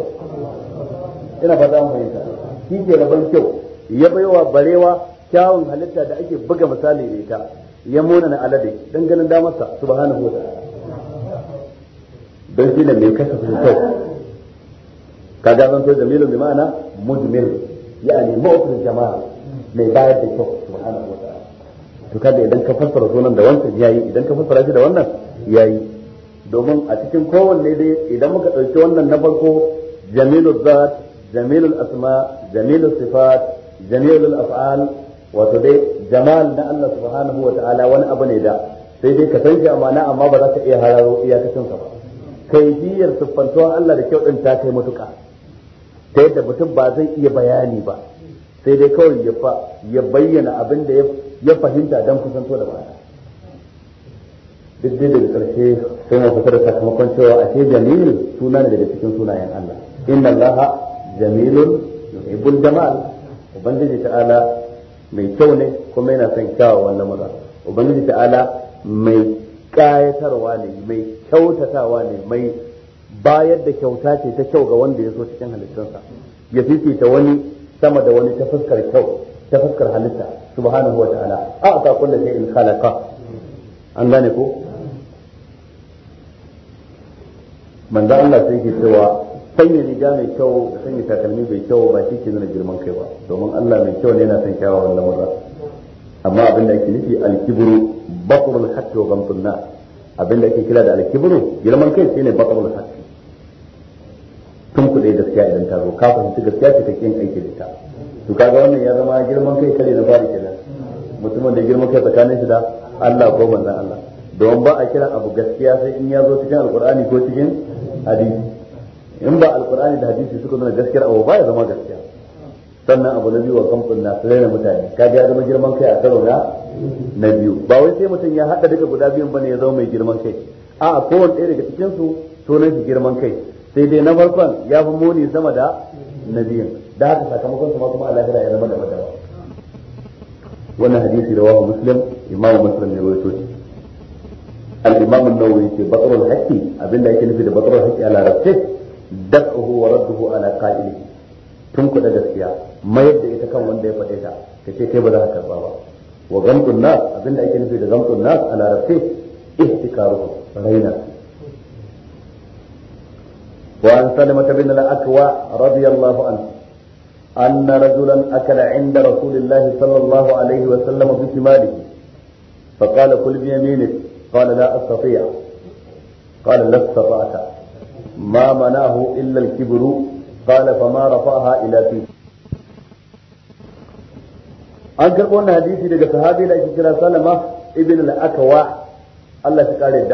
ina ba za mu fahimta shi ke raban kyau ya bai wa barewa kyawun halitta da ake buga misali da ita ya mona na alade dan ganin damarsa subhanahu wa ta'ala dan shi ne mai kasa sosai kaga zan to jamilu bi ma'ana mujmil yani mu'til jama'a mai bayar da kyau subhanahu wa ta'ala to kada idan ka fassara sunan da wancan yayi idan ka fassara shi da wannan yayi domin a cikin kowanne dai idan muka ɗauki wannan na farko Jamilu zat Jamilu asma Jamilu sifat Jamilu af'al wato dai jamal na Allah subhanahu wa ta'ala wani abu ne da sai dai ka san shi amana amma ba za ka iya hararo iyakacin sa ba kaifiyar siffantuwar Allah da kyau din ta kai matuka ta yadda mutum ba zai iya bayani ba sai dai kawai ya fa ya bayyana abin da ya fahimta don kusanto da ma'ana duk dai daga ƙarshe sai mu fitar da sakamakon cewa ashe jamil suna ne daga cikin sunayen Allah inna Allah jamilun yuhibbul jamal ubangiji ta'ala mai kyau ne kuma yana son kyawawan lamura ubangiji ta'ala mai kayatarwa ne mai kyautatawa ne mai bayar da kyauta ce ta kyau ga wanda ya so cikin halittarsa. ya fifita wani sama da wani ta fuskar kyau ta fuskar halitta subhanahu wa ta'ala a ta sai in khalaqa an gane ko manzo Allah sai ke cewa sanya riga mai kyau da sanya takalmi mai kyau ba shi ke nuna girman kai ba domin Allah mai kyau ne yana son kyawawan lamurra amma abin da ake nufi alkibru bakrul haqqi wa gamtunna abin da ake kira da alkibru girman kai shine bakrul haqqi tun kuɗe gaskiya idan ta zo ka fahimci gaskiya ce kake yin aiki da ita to kaga wannan ya zama girman kai kare na bari kenan mutumin da girman kai tsakanin shi da Allah ko manzon Allah don ba a kira abu gaskiya sai in ya zo cikin alkur'ani ko cikin hadisi in ba alkur'ani da hadisi suka nuna a abu ba ya zama gaskiya sannan abu na biyu wa kamfin na tsare mutane ka ga zama girman kai a karo na na biyu ba wai sai mutum ya hada duka guda biyun bane ya zama mai girman kai a kowane ɗaya daga cikin su sunan shi girman kai sai dai na farkon ya fi muni sama da na biyun da haka sakamakon kuma kuma Allah ya zama da madawa wannan hadisi rawahu muslim imamu muslim ya rawaito shi al-imam an-nawawi ce batrul haqqi abinda yake nufi da batrul haqqi a larabce dak'uhu wa radduhu ala qa'ilihi tun kuɗa gaskiya mayar da ita kan wanda ya faɗe ta ka ce kai ba za ka karba ba wa gamtun nas abinda ake nufi da gamtun nas a larabce ihtikaruhu raina wa an salimata bin al-akwa radiyallahu anhu أن رجلا أكل عند رسول الله صلى الله عليه وسلم بشماله فقال كل بيمينك قال لا أستطيع قال لا استطعت ما مناه إلا الكبر قال فما رفعها إلى فيه an karɓo wannan hadisi daga sahabi da ake kira salama ibn al-akwa Allah kare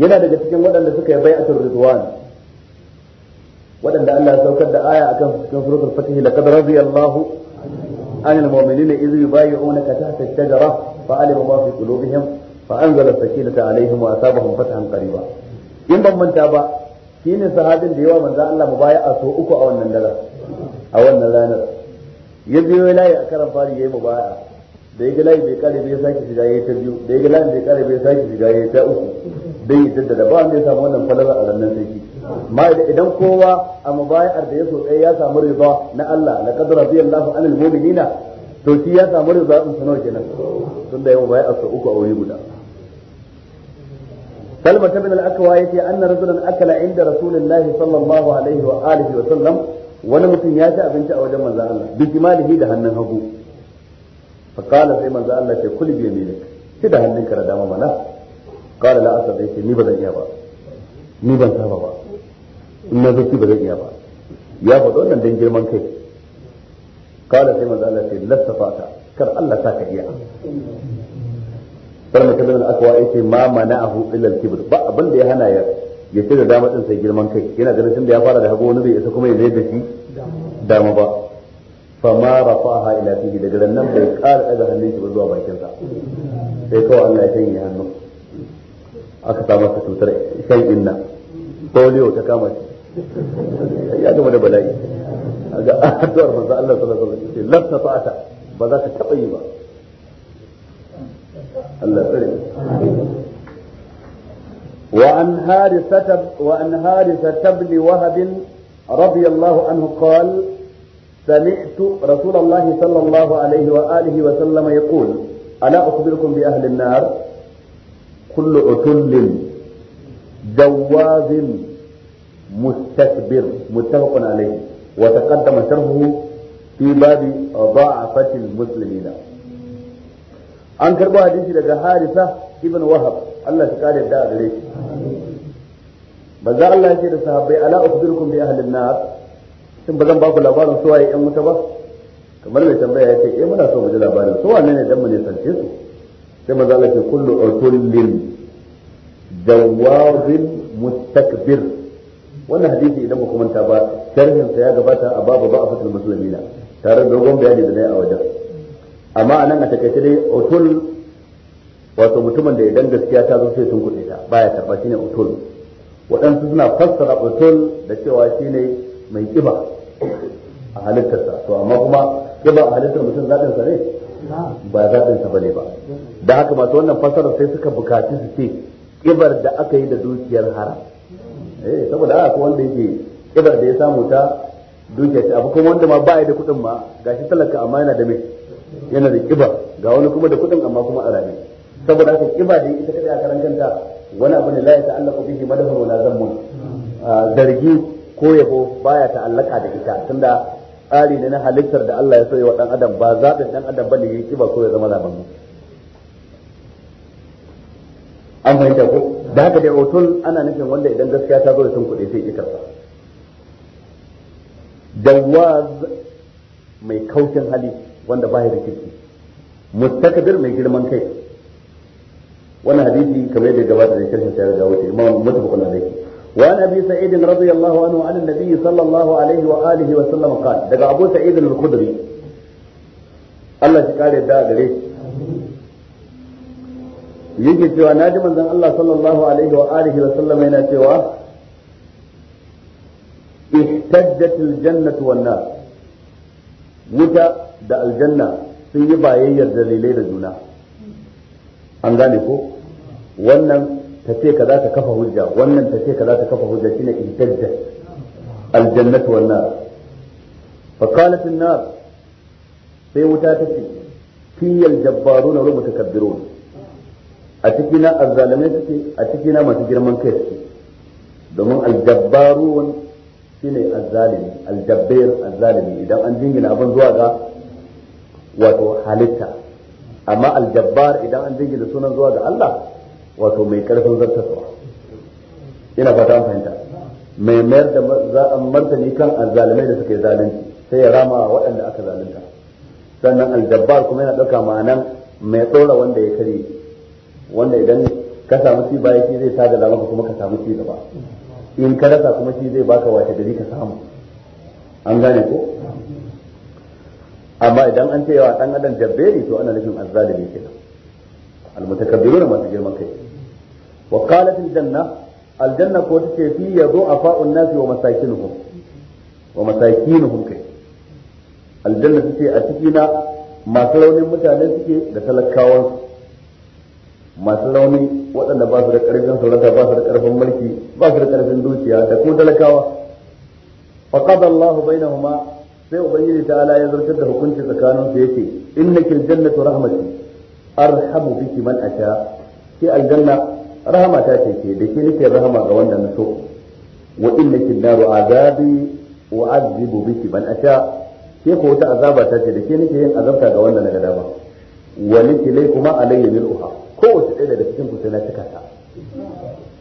yana daga cikin waɗanda suka yi bai'atul ridwan waɗanda Allah ya saukar da aya akan cikin suratul fatih laqad radiyallahu عن المؤمنين إذ يبايعونك تحت الشجرة فعلم ما في قلوبهم fa anzala sakinata alaihim wa asabahum fatahan qariba in ban manta ba shi ne sahabin da yawa manzo Allah mubaya'a so uku a wannan dara a wannan ranar ya biyo layi a karan fari yayi mubaya'a da yaga layi bai kare bai sake shiga yayi ta biyu da yaga layi bai kare bai sake shiga yayi ta uku dai daddada ba wanda ya samu wannan falala a wannan sai ma idan kowa a mubayar da ya so tsaye ya samu riba na Allah laqad radiyallahu anil mu'minina to shi ya samu riba in sanar kenan tunda yau bai asa uku a wuri guda kalma ta bin al-akwa yace anna rajulan akala inda rasulullahi sallallahu alaihi wa alihi wa sallam wani mutum ya ci abinci a wajen manza Allah bi kimalihi da hannun hagu fa sai manza Allah ce kul bi yaminik ki da hannun da dama mana qala da asad yace ni ba zan iya ba ni ban saba ba in na zaci ba zan iya ba ya faɗo nan dan girman kai قال سيما زالة لست فاتا كر الله ساك إياه فلما كذب الأكوى إيتي ما منعه إلا الكبر Ba بند يهنا يا ya ce da ɗin sai girman kai yana ganin tun da ya fara da hagu wani bai isa kuma ya zai da shi dama ba fa ma rafaha ila fihi daga nan bai ƙara daga hannun shi ba zuwa bakin sa sai kawai Allah ya sanya hannu aka cutar ta kama shi ya da bala'i kaga addu'ar manzo Allah sallallahu alaihi wasallam lam tata'ata ba za ka taba yi ba Allah tsare wa an harisa wa an harisa ibn wahab radiyallahu anhu qala سمعت رسول الله صلى الله عليه وآله وسلم يقول ألا أخبركم بأهل النار كل عتل جواز مستكبر متفق عليه وتقدم شرحه في باب ضعفة المسلمين an karɓo hadisi daga harisa ibn wahab Allah ta kare da gare shi banza Allah ya ce da sahabbai ala ukhbirukum bi ahli an-nar shin bazan ba ku labarin su waye yan wuta ba kamar mai tambaya ya ce eh muna so mu ji labarin su wane ne dan mu ne su sai manzo Allah ya ce kullu utullin jawazin mustakbir wannan hadisi idan ba kuma ba sharhin sa ya gabata a babu ba ba'afatul muslimina tare da dogon bayani da nayi a wajen amma anan a takaice dai utul wato mutumin da idan gaskiya ta zo sai sun kuɗe ta baya karɓa shine utul waɗansu suna fassara utul da cewa shine mai kiba a halittarsa to amma kuma kiba a halittar mutum zaɗin sa ne ba zaɗin sa bane ba da haka masu wannan fassara sai suka bukaci su ce kibar da aka yi da dukiyar haram eh saboda haka wanda yake kibar da ya samu ta duke ta abu kuma wanda ma ba ya da kudin ma gashi talaka amma yana da mai yana da kiba ga wani kuma da kudin amma kuma arabi saboda haka kiba da ita kada ka karan ta wani abu ne la ya ta'allaqu bihi madahun wala zammun zargi ko yabo baya ta'allaka da ita tunda tsari ne na halittar da Allah ya soya wa dan adam ba zaɓin dan adam bane ya kiba ko ya zama zaɓen an fahimta ko da haka dai otun ana nufin wanda idan gaskiya ta zo da sun kuɗi sai ita ba. dawaz mai kaucin hali wanda baya da kirki Mustakabir mai girman kai Wani hadisi kamar yadda gabata da sharhin sai ga wuce imam mutafaqun alayhi wa an abi sa'id radiyallahu anhu an annabi sallallahu alaihi wa alihi wa sallam qala daga abu sa'id al-khudri Allah ya kare da gare shi yake cewa na ji manzon Allah sallallahu alaihi wa alihi wa sallam yana cewa ihtajjat aljannatu wan nar wuta da aljanna sun yi bayayyar dalilai da juna an gane ko wannan ta ce ka za ta kafa hujja wannan ta ce ka za ta kafa hujja shine ihtajjat aljannatu wan nar fa qalat an nar sai wuta ta ce fiyal jabbaruna wal mutakabbirun a ciki na azzalamai suke a ciki na masu girman kai suke domin aljabbarun shine azzalimi aljabbar azzalimi idan an jingina abin zuwa ga wato halitta amma aljabbar idan an jingina sunan zuwa ga Allah wato mai karfin zartaswa ina fata an fahimta mai mayar da za martani kan azzalimai da suke zalunci sai ya rama waɗanda aka zalunta sannan aljabbar kuma yana ɗauka ma'anan mai tsora wanda ya karye wanda idan ka samu ci baya shi zai tagaza maka kuma ka samu ci gaba in ka rasa kuma shi zai baka wace gari ka samu an gane ko amma idan an ce yawa dan adam jabberi to ana nufin azzalimi kenan almutakabbiruna masu girman kai wa qalat aljanna aljanna ko tace fi yadu afa'un nasi wa masakinuhum wa masakinuhum kai aljanna tace a ciki na masu raunin mutane suke da talakawansu masu rauni waɗanda ba su da ƙarfin saurata ba su da ƙarfin mulki ba su da ƙarfin dukiya da kuma talakawa fa qada Allahu bainahuma sai ubangiji ta'ala ya zartar da hukunci tsakanin su yace innakil jannatu rahmati arhamu biki man asha ki aljanna ta ce ke da ke nake rahama ga wanda na so wa innakil naru azabi wa azibu biki man asha ke ko wata azaba ta ce da ke nake yin azabta ga wanda na ga dama wa laki kuma alayya mil'uha kowace ɗaya daga cikin ku sai na cika ta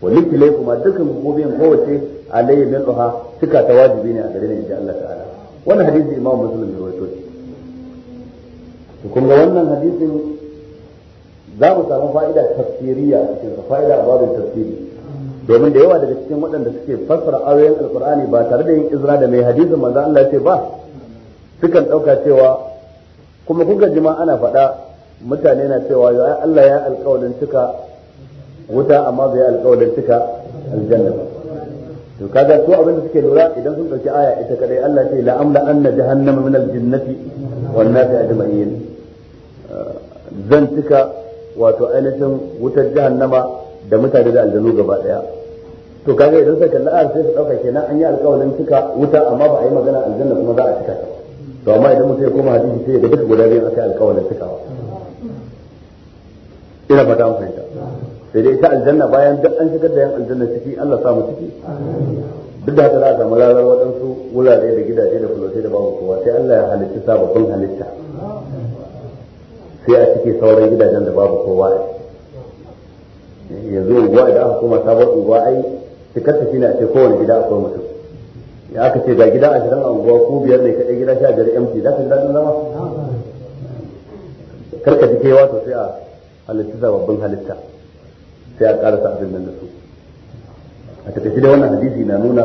wa likilai kuma dukkan gobiyan kowace alayhi min ruha cika ta wajibi ne a gare ni insha Allah ta'ala wannan hadisi imamu muslim ne wato shi to kun ga wannan hadisin za mu samu fa'ida tafsiriya a cikin fa'ida a babin tafsiri domin da yawa daga cikin waɗanda suke fassara ayoyin alkur'ani ba tare da yin izra da mai hadisin manzo Allah ya ce ba sukan ɗauka cewa kuma kuka jima ana faɗa mutane na cewa yau ai Allah ya alƙawalin cika wuta amma bai alƙawalin cika aljanna ba to kaga su abinda da suke lura idan sun dauki aya ita kadai Allah ce la amla anna jahannama min aljinnati wan nasi ajma'in uh, zan cika wato ainihin wutar jahannama da mutane da aljanu gaba daya to kaga idan sai kalli ayar sai su dauka kenan an yi alƙawalin cika wuta amma ba a yi magana aljanna kuma za a cika ta to amma idan mutum ya koma hadisi sai ya ga duka guda biyan aka alƙawalin cikawa ina fata an fahimta sai dai ita aljanna bayan duk an shigar da yan aljanna ciki Allah sa mu ciki duk da haka za a samu lalar waɗansu wurare da gidaje da fulotai da babu kowa sai Allah ya halitta sababbin halitta sai a cike sauran gidajen da babu kowa yanzu unguwa idan aka koma sabon unguwa ai cikar ta shine a ce kowane gida akwai mutum ya aka ce ga gida ashirin a unguwa ko biyar ne kaɗai gida sha biyar mt za ka ji daɗin zama karka ji kewa sosai a halitta sababbin halitta sai a ƙara sa abin nan da a takaice dai wannan hadisi na nuna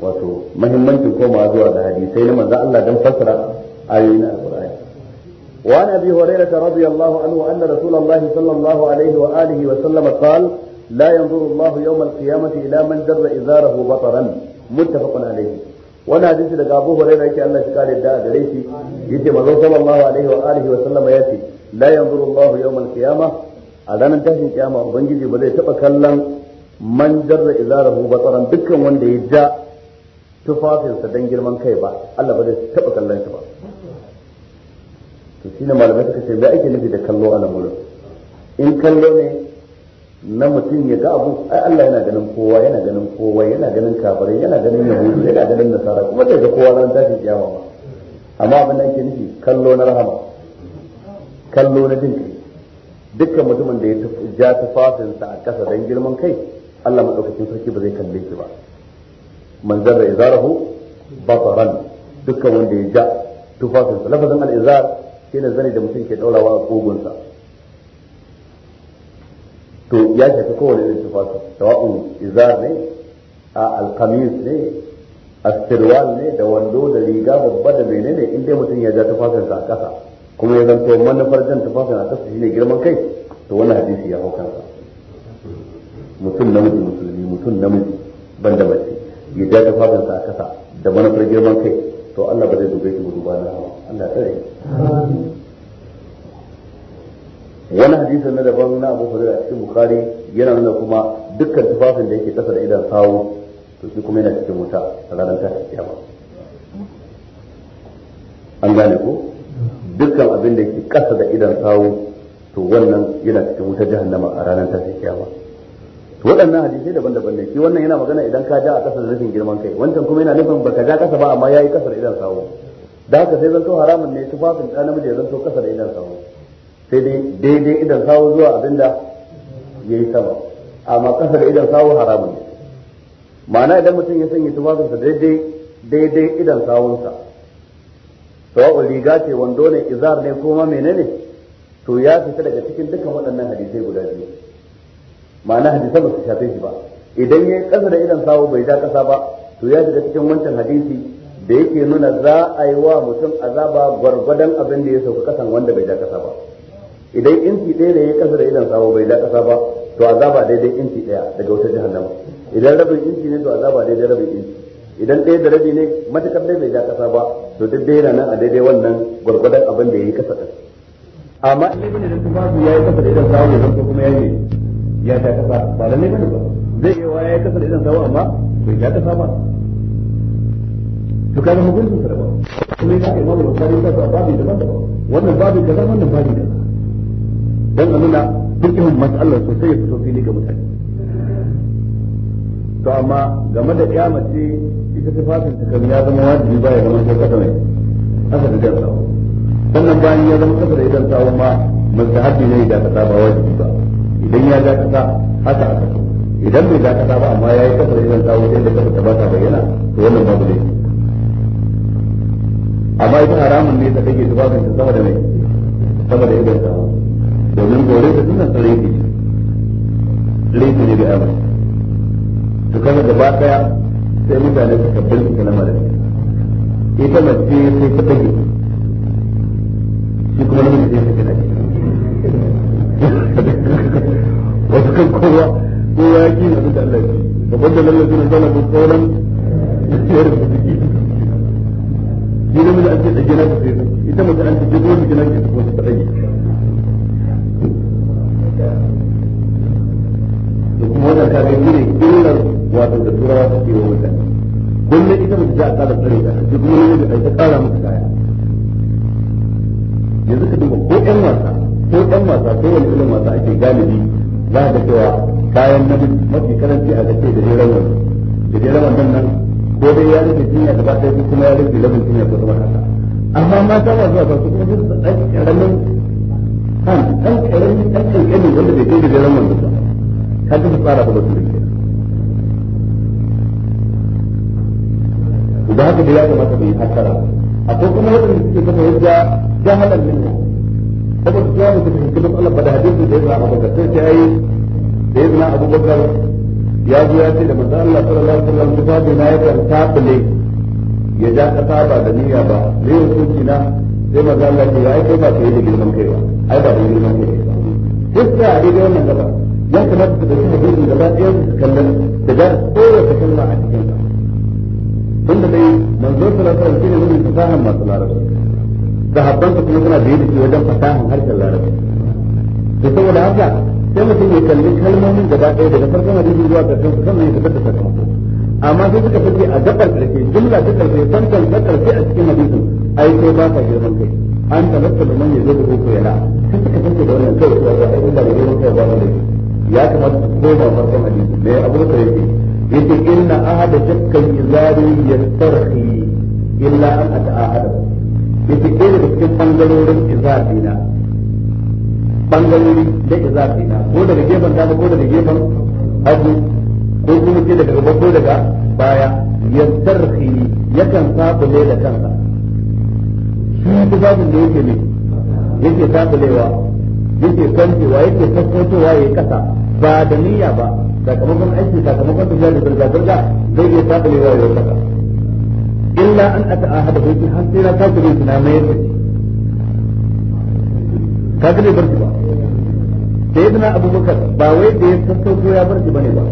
wato mahimmancin komawa zuwa ga hadisai na manzo Allah dan fassara ayoyin alqur'ani wa an abi hurairah radiyallahu anhu anna rasulullahi sallallahu alaihi wa alihi wa sallam qala la yanzuru Allah yawm al-qiyamati ila man jarra izarahu bataran muttafaqun alaihi wannan hadisi daga Abu Hurairah yake Allah shi kare da gare shi yace manzon sallallahu alaihi wa alihi wa sallama yace la yanzuru Allahu yawmal qiyamah a ranar tashin kiyama ubangiji ba zai taba kallon man jarra izarahu batsaran dukkan wanda ya ja tufafinsa dan girman kai ba Allah ba zai taba kallon shi ba to shine malamai suka ce me ake nufi da kallo a lamurin in kallo ne na mutum ya ga abu ai Allah yana ganin kowa yana ganin kowa yana ganin kafirai yana ganin yahudu yana ganin nasara kuma zai ga kowa ran tashi kiyama ba amma abin da yake nufi kallo na rahama kallo na jin kai dukkan mutumin da ya ja tufafinsa a ƙasa don girman kai Allah madaukakin sarki ba zai kalle shi ba manzar da izarahu basaran dukkan wanda ya ja tufafinsa lafazin al-izar shine zane da mutum ke daurawa a kogonsa to ya shafi kowane irin tufafi tawa'un izar ne a alkamis ne a sirwal ne da wando da riga babba da menene in dai mutum ya ja tufafinsa a kasa, kuma ya zanto manufar jan tufafin a ƙasa shine girman kai to wannan hadisi ya hau kansa mutum namiji musulmi mutum namiji ban da mace ya ja tufafinsa a kasa da manufar girman kai to Allah ba zai dube shi ba duba na hawa Allah tare wani hadisin na daban na Abu Hurairah a cikin Bukhari yana nuna kuma dukkan tufafin da yake kasa da idan sawu to shi kuma yana cikin wuta a ranar ta kiyama an gane ko dukkan abin da yake kasa da idan sawu to wannan yana cikin wuta jahannama a ranar ta kiyama waɗannan hadisai daban-daban ne shi wannan yana magana idan ka ja a ƙasa da rufin girman kai wancan kuma yana nufin baka ja ƙasa ba amma yayi da idan sawu da haka sai zanto haramun ne tufafin ɗan namiji ya zanto da idan sawu sai dai daidai idan sawu zuwa abinda ya yi sama amma kasa da idan sawu haramun ne ma'ana idan mutum ya sanya tufafinsa daidai daidai idan sawunsa sawa'u riga ce wando ne izar ne ko ma menene to ya fita daga cikin dukkan waɗannan hadisai guda biyu ma'ana hadisan ba su shafe shi ba idan ya kasa da idan sawu bai ja kasa ba to ya fita cikin wancan hadisi da yake nuna za a yi wa mutum azaba gwargwadon abin da ya sauka kasan wanda bai ja kasa ba idan inci ɗaya ne ya kasa da idan sawo bai da kasa ba to azaba daidai inci ɗaya daga wata jahannama idan rabin inci ne to azaba daidai rabin inci idan ɗaya da rabi ne matakar dai bai da kasa ba to duk dai yana nan a daidai wannan gwargwadon abin da ya yi kasa ɗin amma in ibn da babu ya yi kasa da idan sawo ne ko kuma ya yi ya ta kasa ba da bane ba zai yi wa ya yi kasa da idan sawo amma bai da kasa ba to kaga hukuncin sa da ba kuma ya ka imamu bukhari ta babu da ba wannan babu ba wannan babu ba dan a nuna dukkan mas'alar sosai ya fito fili ga mutane to amma game da kyamace ita tufafin ta kan ya zama wajibi ba ya zama kasa mai aka da dansa sannan bayan ya zama kasa da idan sawun ma mustahabbi ne da kasa ba wajibi ba idan ya ga kasa haka aka so idan bai ga kasa ba amma yayi kasa da idan sawun sai da kasa ta ba ta bayyana to wannan babu laifi amma ita haramun ne ta kake tufafin ta sama da mai sama da idan sawun domin gore da suna tsare ta ce rinki ne da abin to kama gaba daya sai mutane su kabbal su kana mara ita mace sai ta tage shi kuma namiji sai ta kana wasu kan kowa ko ya kina abin da Allah ya ce gaban da lallai suna zama ko tsoron yadda su suke shi namiji an ce da na ta sai ita mace an ce ko su gina ke su ko ta tage ka ga shine illar wato da turawa ta ke wa mutane kullum ita mace za a ƙara tsare ta duk wani namiji a ta kara maka kaya yanzu ka duba ko ƴan wasa ko ƴan wasa ko wani irin wasa ake galibi za ka cewa kayan namiji mafi karanci a gaske da jeran wani da jeran wannan nan ko dai ya rufe cinya gaba ɗaya ko kuma ya rufe rabin cinya ko kuma haka amma mata ba wasa ba su kuma su ɗan ƙaramin kan ɗan ƙaramin ɗan ƙanƙanin wanda bai kai da jeran wani ba kaga ba tsara ba su rike da haka da ya kamata bai a ko kuma waɗanda suke kafa hujja jahalan minna saboda su yamu su fahimci matsalar ba da hadisi da ya zama abubakar sai ta yi da ya zama abubakar ya zo ya ce da manzo Allah sallallahu alaihi wasallam tufafi na ya kan tabule ya ja kasa ba da niyya ba ne hukunci na sai manzo Allah ya ce ai kai ba yi da girman kai ba ai ba da girman kai ba duk da dai wannan gaba ya kamata ka dauki hadisin gaba ɗaya ka kalla da ga kowace kalma a cikin sa tunda dai manzo sallallahu alaihi wasallam shine mutum fasahan masu larabci sahabban ka kuma suna da yadda ke wajen fasahan harshen larabci to saboda haka sai mutum ya kalli kalmomin gaba ɗaya daga farkon hadisi zuwa ƙarshen su sannan ya tabbata sakamako amma sai suka fice a gabar ƙarshe jumla ta ƙarshe tantan ta ƙarshe a cikin hadisin ai sai ba ka girman kai an tabbata da man ya zo da ko yana sai suka fice da wannan kai ko ba ai ba da girman kai ba da ya kamata ku koda farkon hadisi da abu bakar yake yake inna ahada shakkan izari tarhi illa an ata'ahada yake ɗaya da cikin bangarorin izari na bangarori da izari na ko daga gefen dama ko daga gefen hagu ko kuma ce daga gaba ko daga baya yastarhi yakan ne da kansa shi tufafin da yake ne yake wa yake kwancewa yake kakkotowa ya yi kasa ba da niyya ba sakamakon aiki sakamakon tafiya da zirga-zirga zai iya sabulewa ya yi kasa illa an a ahada bai har sai na kafirin su na mai da shi kafirin ba sai da na abubakar ba wai da ya kakkauto ya barci ba bane ba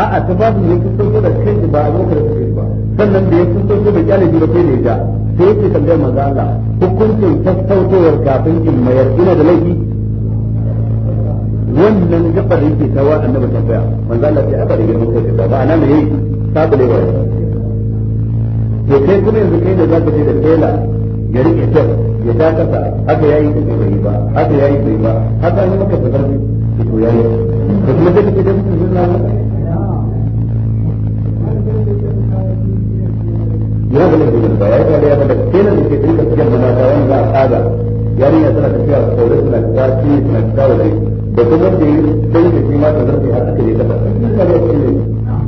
a'a ta ba su ne kakkauto da kai ba abubakar da kai ba sannan da ya kakkauto da kyalabi da kai ne ja sai yake tambayar manzo Allah hukuncin kakkautowar kafin in mayar ina da laifi wannan gabar yake tawa annabi tambaya manzo Allah ya abari ga mutum ka ba nan ne sabule wa to kai kuma yanzu kai da za ka je da tela ya rike ta ya ta kasa aka yayi da bai ba aka yayi bai ba haka ne muka da zarfi to yayi to kuma da kike da mutum zuwa ya ga da ba ya ga da ya ga tela da ke dinka cikin manata wanda za a tsada yarinya tana tafiya da saurayi suna tafiya suna tafiya da da kuma da yi sai da shi ma da zarfi har aka yi ta fasa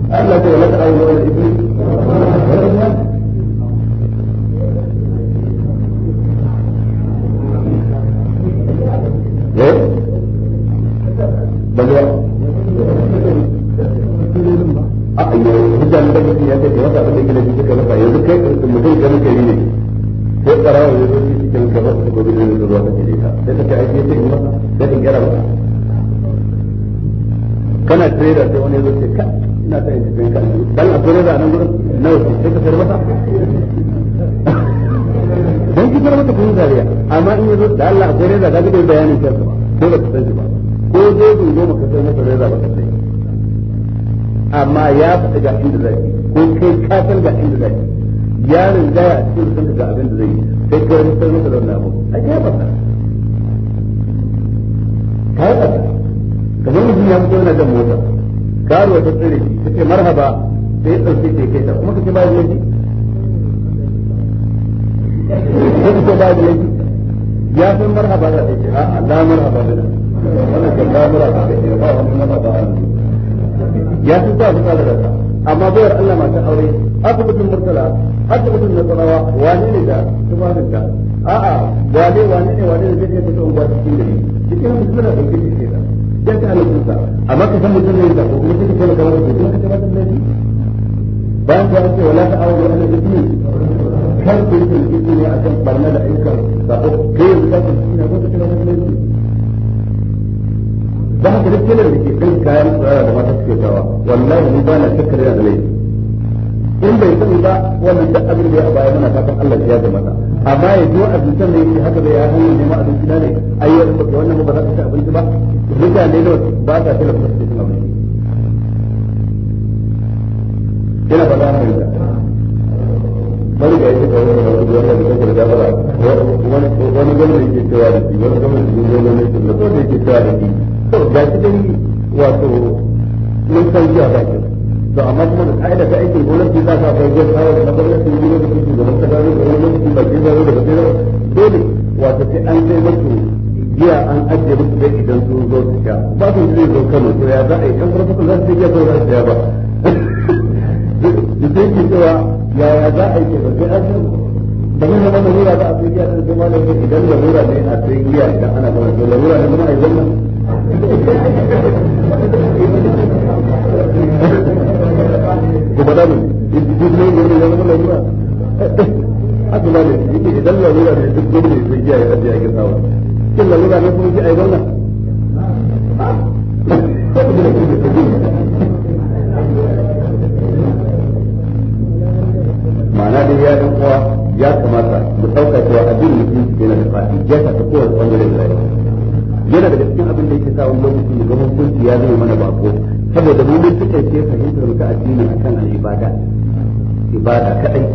Allah ta walaka ayyuka a ayyo hujjan da kake ya kai wata da kake da kike yanzu kai mutum kai ne ko karawa yanzu gaba da zuwa kake da ita sai sai kana trader sai wani zo ce ina ta dan a trader nan gurin nawa ce sai ka sayar dan ki sayar kun zariya amma in yazo amma ya ga inda zai ko kai ka san ga inda zai yaron gaya a cikin sun da abin da zai sai ka yi sayar da wani abu a ka yi ya fito yana jan mota karuwa ta tsire shi ta ce marhaba sai ya ɗauke ke kai ta kuma ka ce ba babu ya ko ba babu yanki ya fi marhaba za ta ce a'a la marhaba da wannan ke la marhaba da ke ba wani marhaba ya san ba su tsara da ta amma bayar Allah masu aure asibitin murtala na tsarawa wane ne da tumanin ta a'a wane wane ne wane ne zai iya ta unguwa cikin da ne cikin mutum na ɗauke shi ke ya ga alaƙinsa amma ka san mutum zai zaɓo kuma sai ka taimaka masa ko kuma ka taimaka masa laifi bayan ka ce wala ta aure ala ismi kar ku yi ismi ne akan barna da ayyukan zaɓo kai yanzu ka ce shi ne ko ka taimaka masa laifi ba haka duk kelar da ke kai kayan tsara da mata suke kawa wallahi ni ba na shakkar yana da laifi in bai sani ba wannan duk abin da ya baya mana kafin Allah ya ga mata amma ya zo abincin da shi haka da ya hanyar neman abinci na ne ayyuka da wannan ba za ka ci abinci ba ne da ba ta kula da su cin abinci yana ba za mu yi bari ga yake kawo da wani wanda da kake da bara wani wani gwamnati yake cewa da shi wani gwamnati yake cewa da shi wani gwamnati yake cewa da shi to ga shi dai wato mun san jiya ba to amma kuma da ka'ida ta aikin gwamnati za ta kai gwamnati kawai na gwamnati ne da kuke da wata gano da wani lokaci ba kin gano da ba sai dole wato sai an sai musu giya an ajiye musu dai idan sun zo su sha ba su zai zo Kano to ya za a yi kan farko za su giya ko za su sha ba da sai ke cewa yaya za a yi ke ba sai an san da mun zama da wura za a sai giya da sai malam ne idan da wura ne a sai giya idan ana gama da wura ne kuma a yi gwamnati ku faɗa mu duk ne ne ya ne lalura haka ba ne yake idan lalura ne duk ne ne sai kiyaye ajiya ga sawa kin lalura ne kuma ki ai wannan ma'ana dai ya dan uwa ya kamata mu dauka cewa addinin musulunci yana da fadi ya ta kowace ne da rayuwa yana daga cikin abin da yake sa wani lokaci mu ga hukunci ya zama mana bako saboda mu duk suka ce fahimtar mu ta a kan al'ibada ibada kadai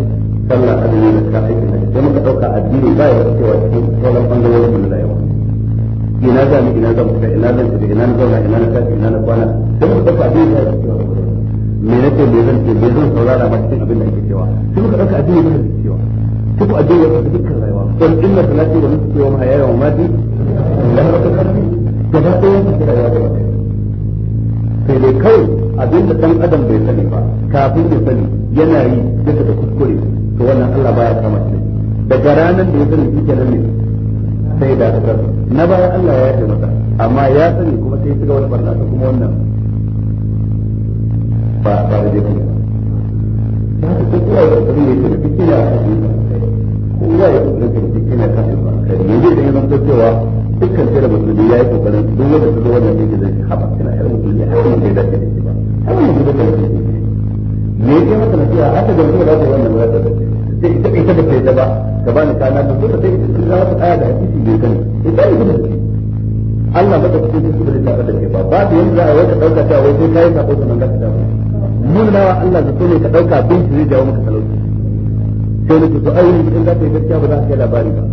sallah azumi da ka da sai muka dauka addini ba ya cewa cikin sauran bangarorin mu da yawa ina za mu ina za mu fita ina zan fita ina na zauna ina na tashi ina na kwana sai muka dauka addini ba ya cewa me nake me zan ce me zan saurara ba cikin abin da ake cewa sai muka dauka addini ba ya cewa duk addini ya fita dukkan rayuwa ko inna salati wa nusuki wa mahayaya wa mati la ilaha illa allah gaba ɗaya ta rayuwa da ɗaya sai dai kawai abin da dan adam bai sani ba kafin ya sani yana yi daga da kuskure to wannan Allah baya kama shi daga ranar da ya sani cikin ne sai da kasar na baya Allah ya yi masa amma ya sani kuma sai shiga wani barna ta kuma wannan ba ba da dai ba da duk kowa da abin da yake da cikin ya kasance kowa ya kasance cikin ya kasance ba kai ne da ya zanto dukkan sai musulmi ya yi kokarin duk wanda ta zo wannan yake zai haɓa kina yar musulmi a kan da ya dace da shi ba har yanzu da kan shi me yake masa nasiha aka ga mutum da ta wannan ba ta sai ita ita ba ta yadda ba ka ba ni kana da kuma sai ita za ta tsaya da hadisi bai sani ita ne da shi Allah maka cikin su da ta da ke ba ba da yanzu za a wata ɗauka ta wai sai kai sako sanan za ka dawo dawa Allah da su ne ka ɗauka bin su zai jawo maka talauci sai ne to ai in za ka yi gaskiya ba za a yi labari ba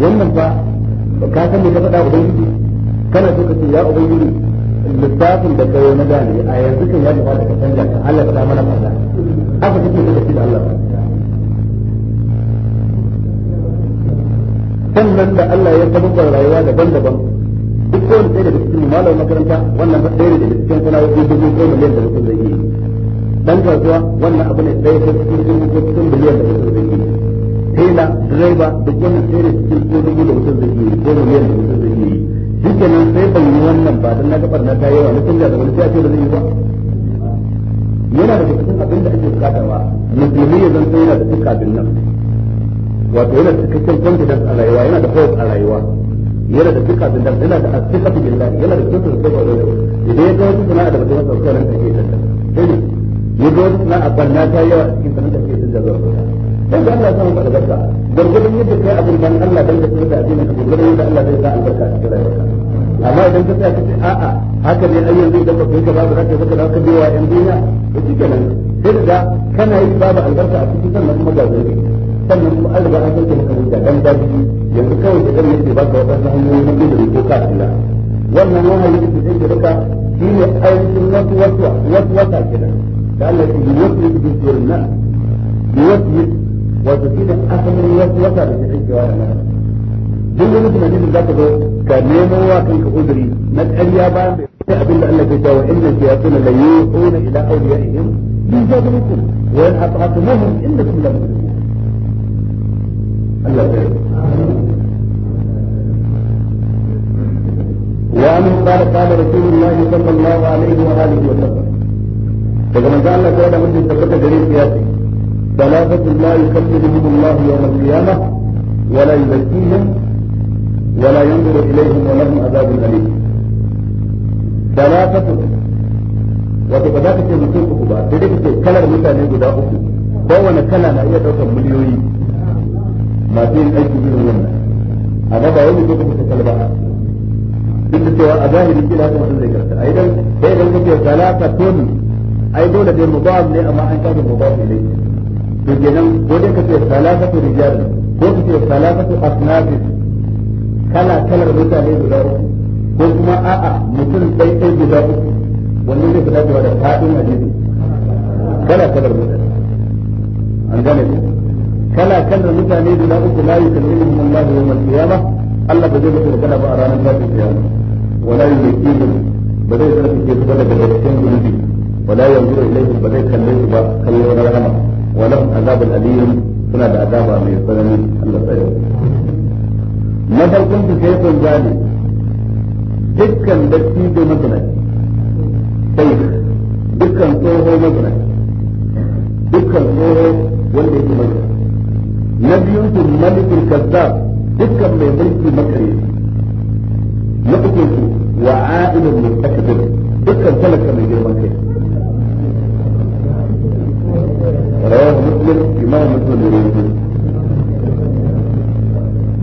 wannan ba ka san me ka faɗa ubangiji kana so ka ce ya ubangiji littafin da kai na gane a yanzu kan ya kamata ka canja ka Allah ta mana fada haka kake da kace da Allah sannan da Allah ya tabbatar rayuwa daban-daban duk kowane ɗaya daga cikin malamin makaranta wannan ɗaya daga cikin sana'o'i dubu ko miliyan da mutum zai yi dan kasuwa wannan abu ne ɗaya daga cikin dubu ko cikin miliyan da mutum zai yi tela direba da wannan sai da cikin ko dubu da mutum zai yi ko miliyan da mutum zai yi duka nan sai ban yi wannan ba dan na ga barna ta yawa na da wani sai a ce ba zai yi ba yana da cikin abin da ake bukata ba musulmi ya zanto yana da duka abin nan wato yana da cikakken confidence a rayuwa yana da hope a rayuwa yana da duka abin nan yana da asiqatu billahi yana da cikin sabar da idan ya ga wata sana'a da ba ta masa kawai nan take ta sai ne ya ga wata sana'a barna ta yawa cikin sana'a da ta sai da Allah zai faɗa barka gurgurun yadda kai abin dan Allah dan ka tsira da addinin ka gurgurun yadda Allah zai sa albarka a cikin rayuwarka amma idan ka tsaya kace a'a haka ne ai yanzu idan ba kai ka ba za zaka zaka biyo yan duniya to shikenan sai da kana yi babu albarka a cikin sannan kuma ga zai sannan kuma an riga an sauke maka hujja dan daji yanzu kawai da garin yake baka wadansu hanyoyi na gudu ko ka tsira wannan wahayi da zai ke baka shine aikin wasu wasu wasu wata kenan da Allah ya yi wasu yake bisirin nan yi wasu وتفيد asalin wata da ke tsinkewa da nan duk wani tunanin da za ka zo ka nemo wa kanka uzuri na ƙarya bayan bai sai abin da Allah ke cewa inna shayatin la yu'una ila awliyaihim yujadilukum wa in ata'tumuhum innakum la muslimun Allah ya وعنه قال قال رسول الله صلى الله عليه وآله وسلم فكما قال الله تعالى من تثبت جريء سياسي بلاغة لا يكلمهم الله يوم القيامة ولا يزكيهم ولا ينظر إليهم ولهم عذاب أليم بلاغة wato ba za ka ce mutum uku ba sai dai ka ce kalar mutane guda uku kowane kala na iya ɗaukar miliyoyi masu yin aiki irin wannan amma ba wani ko kuma kalba duk da cewa a zahiri kila haka mutum zai karta ai dan sai dan kake salata tun ai dole dai mubam ne amma an kaga mubam ne to kenan ko dai ka ce salafatu rijal ko ka ce salafatu asnaf kala kalar mutane guda uku ko kuma a'a mutum dai dai guda uku wannan zai fada da fadin hadisi kala kalar mutane an gane ku kala kalar mutane guda uku la yukallimuhum Allah yawm al-qiyamah Allah ba zai mutu da ba a ranar tashin kiyama wala yuzakkihim ba zai sarrafa ke su daga cikin zunubi wala yanzu ilaihim ba zai kalle su ba kallon rahama ولهم عذاب الأليم suna da azaba mai tsanani Allah tsaye na farkon su sai kun gane dukkan dattijo mazinaci sai dukkan tsoho mazinaci dukkan tsoho wanda yake mazinaci na biyun su malikin kazzab dukkan mai mulki makare na uku su wa'adin mutakabir dukkan talaka mai girman kai rawahu muslim imam muslim da rawaito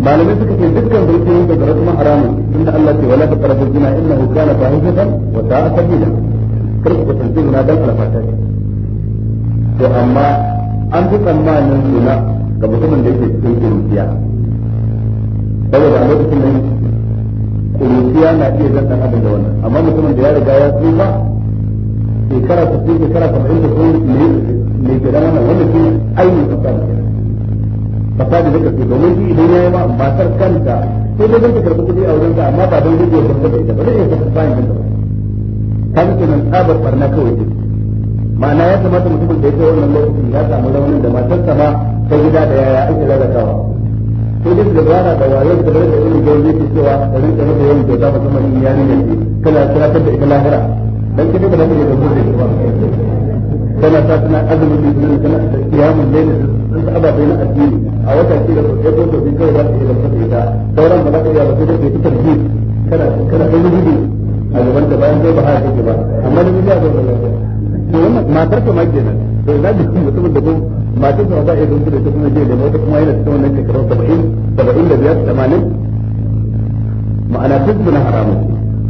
malamai suka ce dukkan rikiyoyin da zara kuma haramun inda Allah ce wala taqrabu zina innahu ta fahishatan wa sa'a sabila kar ku kusanci zina dan alfata to amma an fi tsammanin zina ga mutumin da yake cikin kuruciya saboda a lokacin nan kuruciya na iya zan dan adam da wannan amma mutumin da ya riga ya tsufa shekara ta shekara ta fahimta ko ne me ke da wannan wanda ke ainihin fasadi fasadi da kake domin shi idan yayi ma matar kanta sai dai zai karɓi kuɗi a wurin amma ba don gujewa ba da ita ba zai iya bayan kanta ba kan kenan tsabar barna kawai ce ma'ana ya kamata mutumin da ya kai wannan lokacin ya samu raunin da matarsa ma ta gida da yaya ake lalatawa sai duk da bara da wayo da bare da irin gauri ke cewa da rinka mata yawan kyauta musamman in yarin da ke kana kira da ita lahira dan kike da za ka da gurbin ba tana sa tana azumin da jini tana da kiyamun laila sun ta ababe na addini a wata ce da sosai ko sosai kawai za ta iya zama da ita sauran ba za ka iya ba sai dai ta tarbi kana kana kai rubutu a gaban da bayan zai ba haka take ba amma da miliya ba lafiya to wannan matar ta ma kenan to za ka ci mutumin da ko matar ta ba iya zama da ita kuma je da wata kuma yana cikin wannan shekaru 70 75 80 ma'ana duk na haramun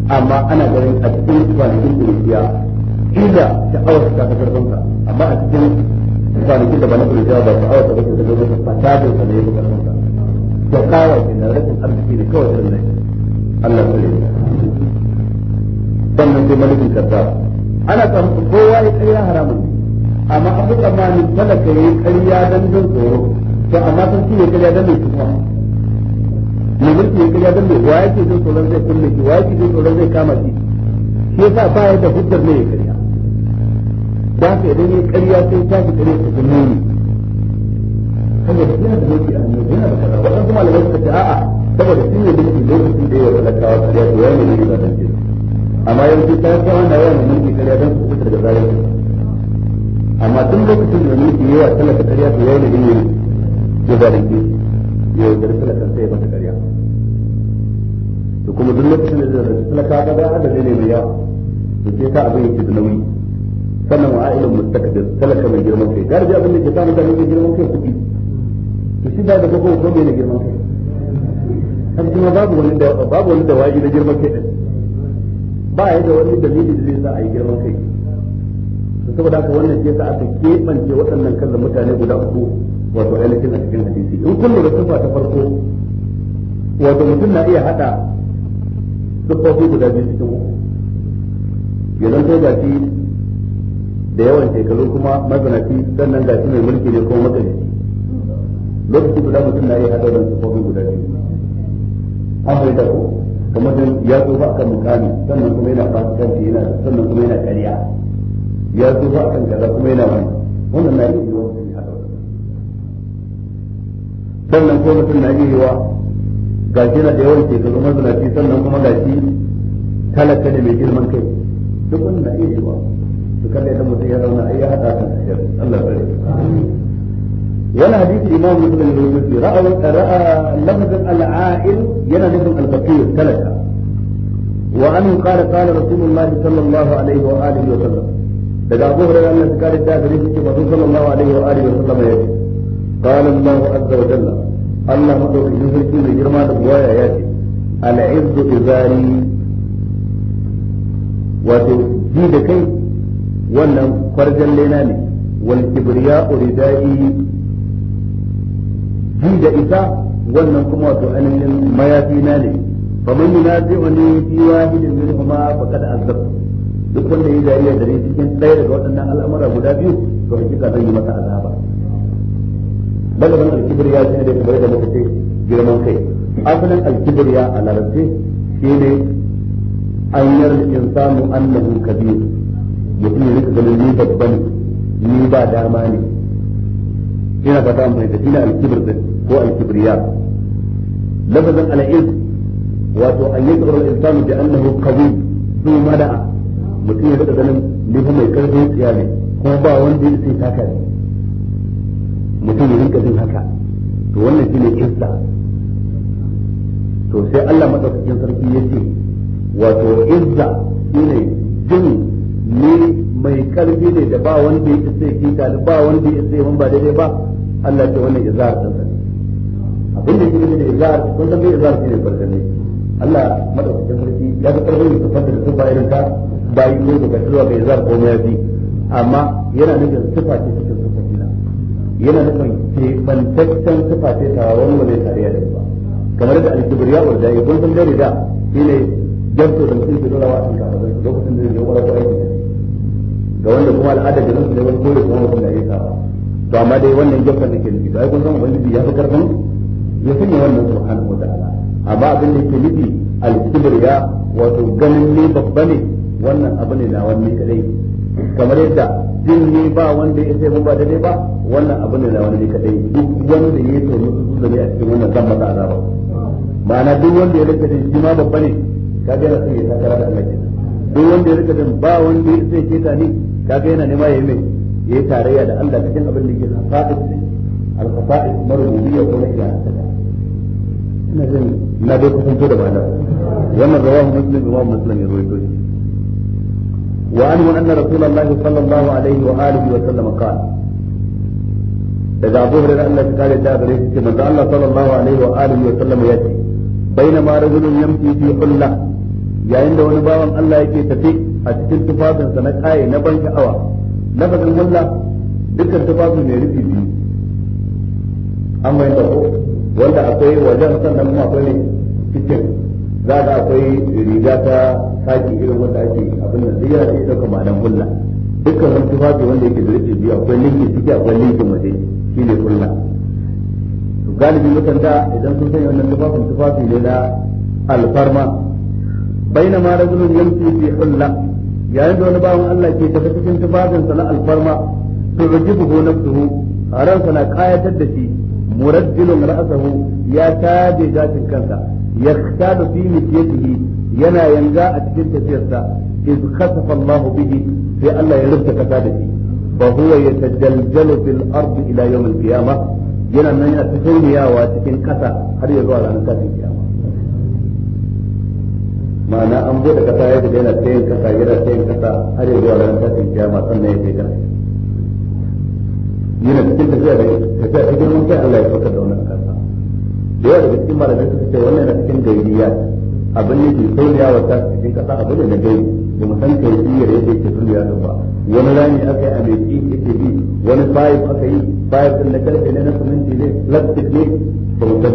amma ana ganin a cikin kwanakin kuriya kila sha'awar ta ta karfanta amma a cikin kwanakin da ba na kurjiya ba ba ta bace da gaba fasadin sa ne ya karfanta kawai ke na rashin arziki ne kawai da ne Allah ta kare sannan sai malikin kaza ana kan kowa ya kai haramun amma abu tsammanin talaka yayi ƙarya dan jin tsoro to amma sun ce ƙarya dan mai kuma mai mulki ya ƙarya dan mai wa yake jin tsoron zai kulle shi wa yake jin tsoron zai kama shi shi yasa ba ya da hujjar ne ya da haka idan ya karya sai ta fi karya ta zama ne saboda ina da mulki a hannun yana da kaza waɗansu malamai suka ce a'a saboda shi ne mulki lokacin da ya wa talakawa karya to ya ne ne ba dan kira amma yanzu ta kawo na yawan mulki karya don su fitar da zalunci amma tun lokacin da mulki yawa wa talaka karya to ya ne ne ya zalunci ya da talaka sai ya mata karya to kuma duk lokacin da zai talaka ga adadin ne mai yawa to sai ta abin yake da nauyi sannan wa ailun mustaqbil talaka mai girman kai garji abin da ke samu da mai girman kai kuɗi to shi da da koko ko mai girman kai har kuma babu wani da babu wani da waji da girman kai ba ya da wani dalili da zai sa a yi girman kai saboda haka wannan ke sa aka keɓance waɗannan kallon mutane guda uku wato ainihin a cikin hadisi in kun lura sifa ta farko wato mutum na iya hada siffofi guda biyu cikin uku ya zanto ga shi da yawan shekaru kuma mazanaci sannan ga shi mai mulki ne ko matsali lokaci guda mutum na iya haɗa da sufofi guda biyu an bai da ko kamar dan ya zo ba kan mukami sannan kuma yana fasikanci yana sannan kuma yana ƙarya ya zo ba kan kaza kuma yana wani wannan na iya yiwa mutum ya haɗa sannan ko mutum na iya yiwa ga shi yana da yawan shekaru mazanaci sannan kuma ga shi talaka ne mai girman kai duk wannan na iya yiwa kada idan mutum ya zauna ai ya hada kan siyar Allah bari wani hadisi imam muslim ne yake ra'a ra'a lafzin al'ail yana nufin al-faqir talaka wa anhu qala qala rasulullahi sallallahu alaihi wa alihi wa sallam daga Abu Hurairah Allah ya kare da gare shi ba sallallahu alaihi wa alihi wa sallam ya ce qala Allah azza wa jalla Allah madaukakin sarki mai girma da buwaya ya ce al-izzu izari wato ji da kai wannan kwarjan lena ne wal kibriya uridai ji da isa wannan kuma wato ainihin mayafi na ne fa man yunazi'uni fi wahidin minhuma faqad azzab duk wanda ya jariya da ni cikin ɗaya daga waɗannan al'amura guda biyu to hakika zan yi masa azaba balaban alkibriya shine da kamar da muka ce girman kai asalin alkibriya a larabci shine an yarda insanu annahu kabir mutum ya rika ganin ni babban ni ba dama ne ina fata an fahimta shi alkibir din ko alkibriya lafazin al'iz wato an yi tsoron insanu da annahu qawi su mada'a mutum ya rika ganin ni fa mai karfin tsiya ne ko ba wanda ya sai taka ne mutum ya rika jin haka to wannan shine izza to sai Allah madaukakin sarki ya ce wato izza shine jin mai karfi ne da ba wanda ya sai kinka da ba wanda ya sai ba daidai ba Allah ta wannan izar ta sani abin da yake da izar kun san bai izar shi ne farkon ne Allah madaukakin sarki ya ga karfin da fadda da tufa irin ka bayi ne da ka tuwa izar ko mai yafi amma yana nufin sifa ce ta tufa kila yana nufin ce bantaccen sifa ce ta wani wani tarayya da ba kamar da alkibriya wal da'i kun san dai da shine dabto da mutum ke dora wa a kan ka lokacin da ya yi wani aiki ga wanda kuma al'ada da nufin da wani kore kuma mutum na yasa to amma dai wannan gefen da ke nufi to ai kun san ubangiji ya fi karfin ya sanya wannan subhanahu ta'ala amma abin da yake nufi al ya wato ganin ne babba ne wannan abu ne na wani kadai kamar yadda jin ne ba wanda ya sai mun ba daidai ba wannan abu ne na wani kadai duk wanda ya to mutu da ne a cikin wannan zan masa azaba ma'ana duk wanda ya rika da shi ma babba ne kaga yana son ya takara da Allah duk wanda ya rika da ba wanda ya sai ke ta ne kaga yana nema yayi mai yi tarayya da Allah cikin abin da yake khasa'is al-khasa'is marubiyya ko la ilaha illa ina jin na dai kusanto da ma'ana wannan rawahu muslim imam muslim ya rawaito shi وعنه أن رسول الله صلى wa عليه وآله وسلم قال daga abu hurairar Allah ta kare da gare shi manzo Allah sallallahu alaihi wa alihi wa sallam ya ce bainama rajulun yamshi fi hulla yayin da wani bawan Allah yake tafi a cikin tufafinsa na kaye na ban sha'awa bazin wallah dukkan tufafin mai rufi biyu an bayan da ko wanda akwai wajen sannan kuma akwai ne cikin za ga akwai riga ta kaki irin wanda ake abin nan duk yana iya ɗaukar ma'anar hulla dukkan wani tufafi wanda yake da rufi biyu akwai linki ciki akwai linkin waje shi ne hulla to galibi mutanda idan sun sanya wannan tufafin tufafi ne na alfarma بينما rajulun يمشي fi حلة yayin da wani bawan Allah ke tafi cikin tufafin na alfarma tu'jibuhu nafsuhu ransa na kayatar da shi murajjilun ra'sahu ya tade gashin kansa yaktadu fi mikyatihi yana yanga a cikin tafiyarsa iz khasafa Allah bihi sai Allah ya rubta kasa da shi fa huwa yatajaljalu fil ardi ila yawm al-qiyamah yana nan ya tafiyawa cikin kasa har ya zuwa ranar kasa kiyama ma'ana an bude kasa ya shiga yana tsayin kasa yana tsayin kasa har yanzu a ranar ya ma sannan ya kai kan yana cikin tafiya da tafiya ta girman kai Allah ya saukar da wannan kasa da yawa daga cikin malamai suka ce wannan yana cikin gairiya abin ne ke sauriya wa tashi cikin kasa abin ne na gairi da mu san kaifiyar yadda yake sauriya da ba wani rami aka yi a mai ci yake bi wani bayan aka yi bayan sun na karfe ne na suminti ne plastic ne ba mu ba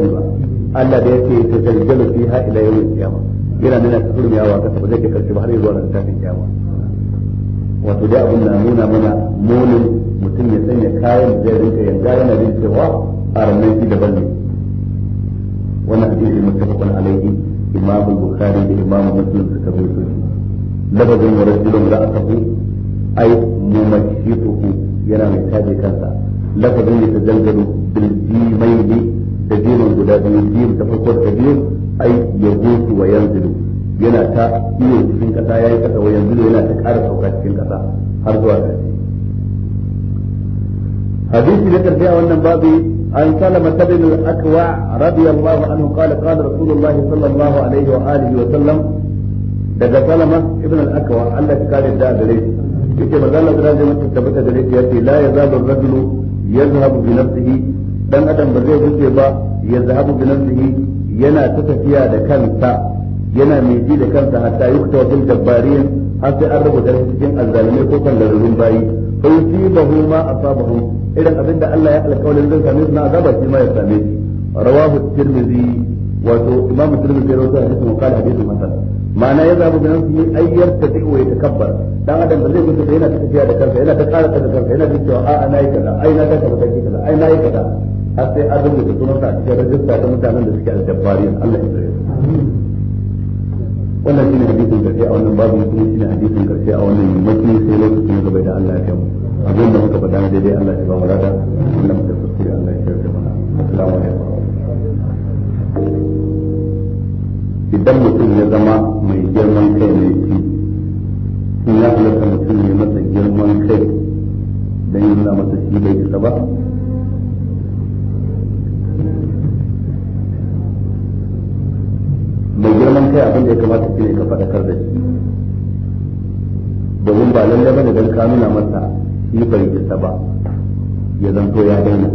Allah da yake ta zargalo fi ha ila yau kiyama yana nuna ta turmiyawa ta ba zai ke karshe ba har zuwa ran tashin yawa wato da abin na nuna mana munin mutum ya sanya kayan da zai rinka yarda yana jin cewa a ranar shi daban ne wannan hadisi muttafaqun alaihi imam al-bukhari da imam muslim suka rawaito shi lafazin wa rajulun ra'atuhu ay mumashshituhu yana mai taje kansa lafazin ya tajalgalu bil jimayni da jimin guda biyu jim ta farko da biyu ai ya gosu wa yanzu yana ta iyo cikin kasa yayi kasa wa yanzu yana ta ƙara sauka cikin kasa har zuwa ƙarshe hadisi na karshe a wannan babu عن سلمة بن الأكوع رضي الله عنه قال قال رسول الله صلى الله عليه sallam وسلم daga salama ibn al-akwa Allah ya kare da gare shi yake magana da rajin mutum tabbata gare shi yace la yazabu ar-rajulu yazhabu bi nafsihi dan adam ba zai guje ba yazhabu bi nafsihi yana ta tafiya da kansa yana mai ji da kansa hatta yukta wa fil jabbariyin har sai an rubuta shi cikin azzalimai ko bayi garurun shi fa yusibahu ma asabahu irin abin da Allah ya alƙawarin zai same su na azaba shi ma ya same shi rawahu tirmidhi wato imamu tirmidhi ya rawaita hadisin wa qala hadithun hasan ma'ana ya zabu ganin su yi ayyar ta dai ya ta kabbar dan adam ba zai gudu da yana tafiya da kansa yana ta ƙara ta kansa yana cewa a ana yi kaza ai na taka mataki kaza ai na yi kaza har sai an rubuta sunan sa a cikin rajista ta mutanen da suke a dabbari Allah ya tsare wannan shine hadisin karshe a wannan babu mutum shine hadisin karshe a wannan yammaci sai lokacin gaba da Allah ya kai mu abin da muka faɗa daidai Allah ya ba mu rada wannan mutum sai Allah ya kai mu assalamu alaikum idan mutum ya zama mai girman kai mai fi in ya halatta mutum ya masa girman kai don yi nuna masa shi bai isa ba mai girman kai abin da ya kamata shi ne ka faɗakar da shi domin ba lallai bane don ka nuna masa shi bai isa ba ya zanto ya daina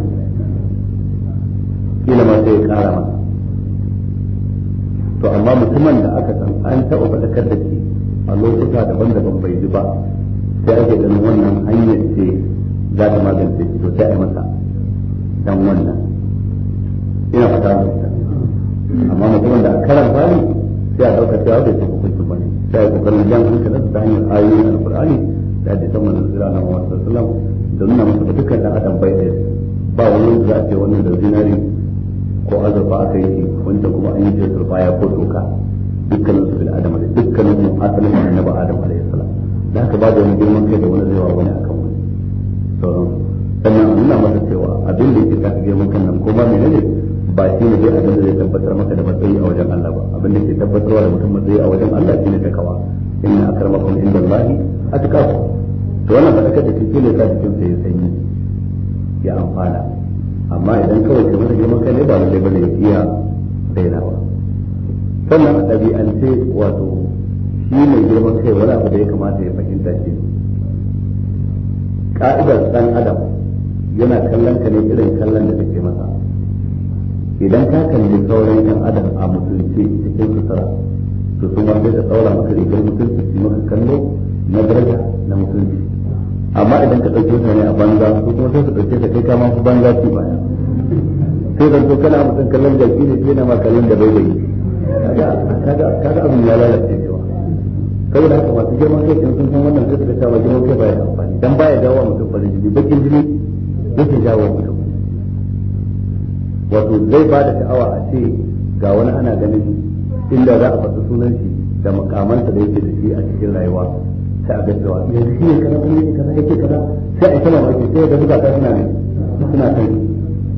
kila ma sai ya ƙara masa to amma mutumin da aka san an taɓa faɗakar da shi a lokuta daban-daban bai ji ba sai ake ganin wannan hanyar ce za ta magance shi to sai a masa dan wannan ina fata da amma mutumin da aka karan bani sai a ɗauka cewa bai taɓa hukuncin ba ne sai a kokarin jan hankalin ta hanyar ayoyin alƙur'ani da ta san manzon zira na Muhammad sallallahu da nuna masa dukkan da adam bai da ba wani da za a ce wannan da zinari ko azurfa aka yi wancan kuma an yi shi ya ko doka dukkanin su bil adam da dukkanin mu asalin annabi adam alayhi salam da haka da wani girman kai da wani zaiwa wani akan wani sauran sannan nuna masa cewa abin da yake sa ka girman kan nan ko ma menene ba shi ne dai abin da zai tabbatar maka da matsayi a wajen Allah ba abin da ke tabbatarwa da mutum matsayi a wajen Allah shine kawa inna akramakum indallahi atqakum to wannan fadakar da kike ne sa cikin sai sanyi ya amfana amma idan kawai ke masa girman kai ne ba lalle bane ya iya rainawa sannan a ɗabi'ance wato shi mai girman kai wani abu da ya kamata ya fahimta shi ka'idar ɗan adam yana kallon ka ne irin kallon da take masa idan ka kalli sauran ɗan adam a mutunci cikin sutura to ma sai da saura maka rigar mutunci su maka kallo na daraja na mutunci amma idan ka ɗauke ne a banza ko kuma sai su ɗauke ta kai kama ku banza ci baya sai zanto kana mutum kallon jaki ne sai na ma kallon da bai bai kaga abin ya lalace cewa da haka masu girman kai sun san wannan sai su ta ba girman kai baya amfani dan baya dawo mutum farin jini bakin jini yake dawo mutum wato zai ba da sha'awa a ce ga wani ana ganin inda za a faɗi sunan shi da makamansa da yake da shi a cikin rayuwa ta da wani yanzu shi ne kaza kuma yake kaza yake kaza sai a sama baki sai ga suna ne suna kai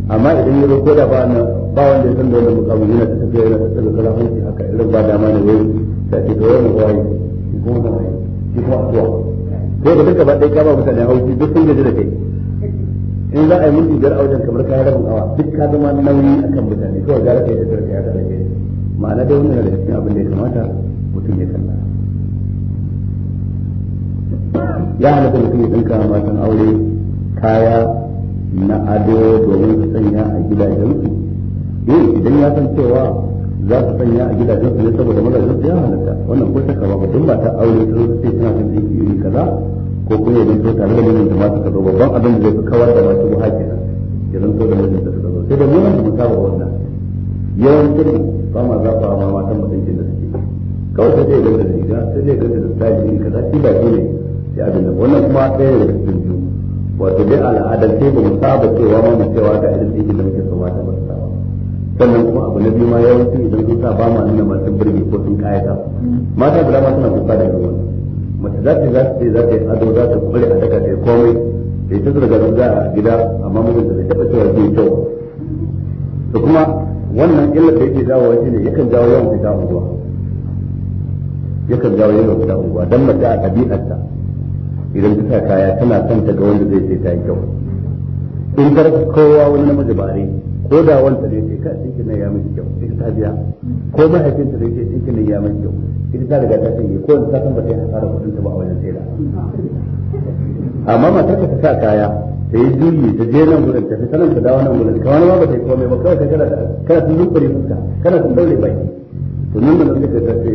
amma idan da ba ba wanda ya san da wannan yana ta tafiya yana ta tsaka haka irin ba dama ne wai ta ga wannan shi kuma shi kuma da duka ba ka ba mutane duk sun gaji da kai in za a yi minti biyar a wajen kamar kayan rabin awa duk ka zama nauyi akan mutane kawai gara yi da ya ma'ana dai wannan da cikin abin da ya kamata mutum ya kalla ya halatta mutum ya dinka matan aure kaya na ado domin su sanya a gidajensu eh idan ya san cewa za su sanya a gidajensu ne saboda mazajen su ya halatta wannan ko shakka ba duk mata aure sun zo ce suna son jiki iri kaza ko kuma ya zanto tare da mijinta ma masu kaza babban abin da zai fi kawar da masu buha kenan ya zanto da mijinta suka kaza sai da nuna da mu saba wannan yawancin ba ma za ba ma matan ke da suke kawai sai dai ganta da riga sai dai ganta da tsari ne kaza shi ba shi ne ya abin da wannan kuma ɗaya daga cikin biyu wato dai al'adar ba mu saba cewa ma mu cewa ga irin ɗinkin da muke so mata ba su sannan kuma abu na biyu ma yawanci idan sun sa ba ma nuna ma sun burge ko sun kayata mata da dama suna kuka da ruwa. mace za ta za ta za ta yi ado za ta kware a daga ta komai da ita zurga zurga a gida amma mun da taɓa cewa zai kyau to kuma wannan illar da yake jawowa shi ne yakan jawo yawan fita unguwa yakan jawo yawan fita unguwa dan mace a ɗabi'arta idan ta sa kaya tana son ta ga wanda zai ce ta yi kyau in kar kowa wani namiji ba ne ko da wanta ne ce ka tsinki nan ya miki kyau ita ta biya ko mahaifinta ne ce tsinki nan ya miki kyau ita ta riga ta sanya ko ta san ba ta yi hasara kudin ta ba a wajen saida amma matar ka ta sa kaya ta yi juyi ta je nan gudun ta fi sanin ta dawo nan gudun kamar ma ba ta yi komai ba kawai ta kana kana sun yunkure fuska kana sun daure baki to nan da nan ka ta ce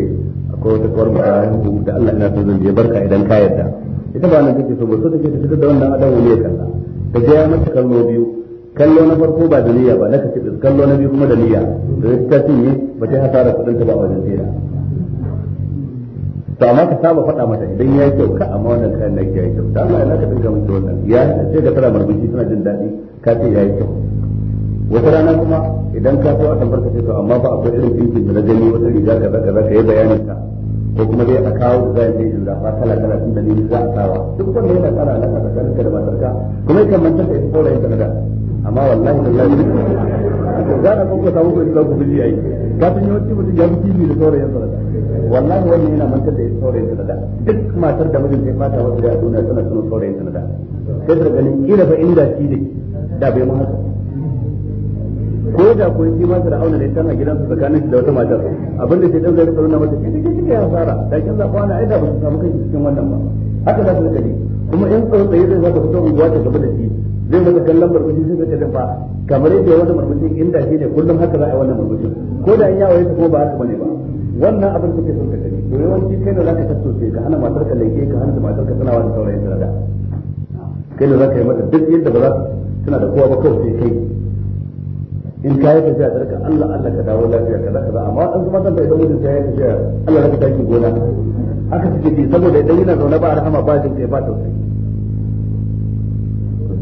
akwai wata kawar mutane da Allah ina so zan je barka idan ka yarda ita ba nan kake so ba so take ta fitar da wannan adam wani ya kalla ta ga ya mata kallo biyu kallo na farko ba da niyya ba na kace kallo na biyu kuma da niyya da ta cinye ba ta hasara kudin ta ba wajen tsira to amma ka saba faɗa mata idan ya yi kyau ka amma wannan kayan naki ya yi kyau da Allah ya ka dinga mun wannan ya sai ga tana marmaci tana jin daɗi ka ce ya yi kyau wata rana kuma idan ka so a tambar ka ce to amma ba akwai irin dinkin da na gani wata riga kaza kaza ka yi bayanin ta ko kuma dai a kawo da zai in zafa kala kala tun da ne za a kawo duk wanda yana kara alaka tsakaninka da matarka kuma yakan manta da ita saurayin yin da amma wallahi wallahi to za a kuma samu kuɗi ku biji yayi ka san yawanci mutum ya fi bi da saurayin sa da wallahi wannan yana manta da ita saurayin sa da duk matar da mijin sai fata wata da duniya tana sunan saurayin sa da sai ta ganin kila fa inda shi ne da bai mu haka ko da kun shi ma auna ne tana gidansa tsakanin shi da wata matar abinda da dan zai rika nuna mata shi kike ya fara da kin zaba wani aida ba su samu kai cikin wannan ba haka za su rika kuma in tsaro tsaye zai zaka fito unguwa ta gaba da shi zai maka kallon barbaci sai ka tafi kamar yadda ya wani barbaci inda shi ne kullum haka za a yi wannan barbaci ko da in yawo ya kuma ba haka bane ba wannan abin kake son ka gani to yawanci kai ne zaka tattace ka hana matar ka leke ka hana matar ka sanawa da saurayin sarada kai ne zaka yi mata duk yadda ba za tana da kowa ba kawai sai kai in ka yi tafiya da raka Allah Allah ka dawo lafiya kaza kaza amma dan kuma san da idan mutum ya ya tafiya Allah ka taki gona haka suke bi saboda idan yana zaune ba rahama ba jin kai ba tausayi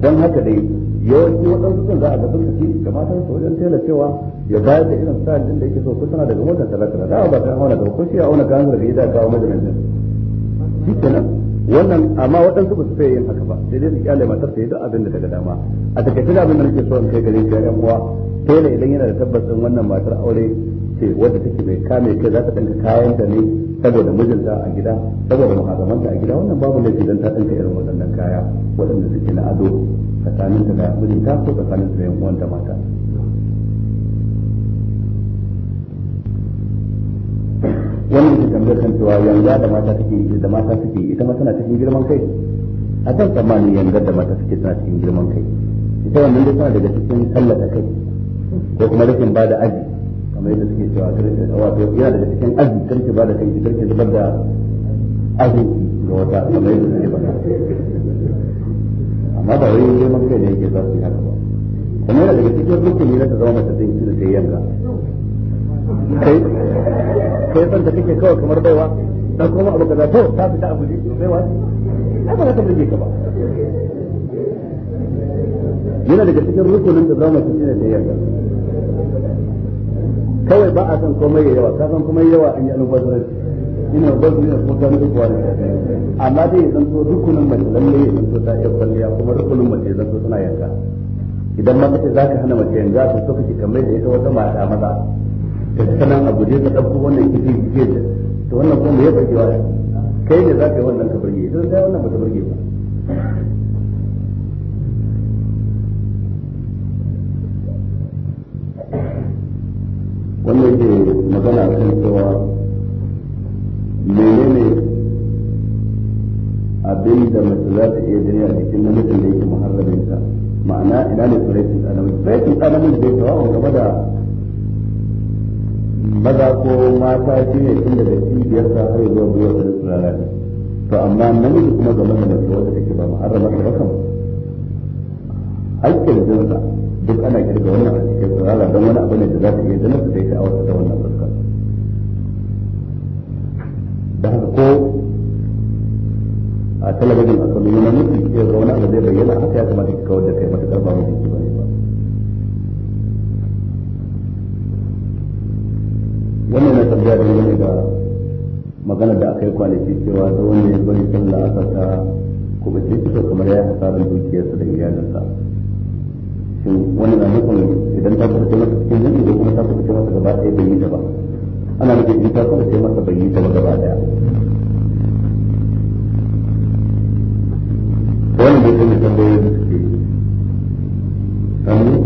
dan haka dai yawanci waɗansu sun za a ga sun tafi kamata su wajen tela cewa ya bayar da irin sa din da yake so ko tana daga motar talaka da ba ta auna da ko shi ya auna kan daga da kawo majalisa shikenan wannan amma waɗansu ba su fiye yin haka ba sai dai su kyale matar ta yi duk abin da daga dama a takaice abin da nake so in kai gare shi ya uwa tela idan yana da tabbas tabbacin wannan matar aure ce wadda take mai kame kai za ta danka kayan ta ne saboda mijinta a gida saboda muhazamanta a gida wannan babu laifi dan ta danka irin waɗannan kaya waɗanda suke na ado tsakaninta da mijinta ko tsakaninta da yan uwanta mata da ke tambayar kan cewa yanga da mata take da mata suke ita ma tana cikin girman kai a kan tsammani yanga da mata suke tana cikin girman kai ita wannan dai tana daga cikin tallata kai ko kuma rikin ba da aji kamar yadda suke cewa wato yana daga cikin aji karki ba da kai karki zubar da aji ga wata kamar yadda suke faɗa amma ba wai girman kai ne yake za su yi haka ba kuma yana daga cikin rukuni na ta zama mace zai da ta yanga kai kai san da kake kawai kamar baiwa da kuma abu kaza to ta fita abu ne baiwa ai ba za ka burge ka ba yana daga cikin rukunin da zama su cikin da yayya kawai ba a san komai yayawa ka san komai yawa an yi albazarar ina bazu ina kuma kan duk wani amma dai zan so rukunin mace lalle ya zanto ta iya kwalliya kuma rukunin mace ya zanto suna yanka idan ma kace zaka hana mace yanka to so kake kamar da ita wata mata maza kana abu ne ka ɗauko wannan kifi ke da to wannan kuma me ya wa kai ne za ka yi wannan ka burge idan sai wannan ba ta burge ba wannan ke magana kan cewa menene abin da mace za ta iya gani a jikin namijin da yake muharramin ta ma'ana ina ne tsiraitin ɗan namiji tsiraitin ɗan namiji da ya tawa game da maza ko mata shi ne tun daga cibiyar sa har zuwa biyar da su ne to amma namiji kuma game da mace wanda take ba mu'arraba ta bakan hakkin jinsa duk ana kirga wannan a cikin tsirara don wani abu ne da za ta iya ganin su ta yi sha'awar ta wannan fuska da haka ko a talabijin a kalli na mutu ya zauna da zai bayyana haka ya kamata ki kawar da kai matuƙar ba mutu ba ne ba wannan na tambaya da ne da magana da aka yi kwanaki cewa ta wanda ya bari sallah aka ta kuma ce kisa kamar ya hasarar dukiyarsa da iyalinsa shin wannan na nufin idan ta kuka masa cikin zuci ko kuma ta kuka masa gaba ɗaya bai yi ta ba ana nufin in ta kuka masa bai yi ta ba gaba ɗaya wannan ne tambayoyin da suke yi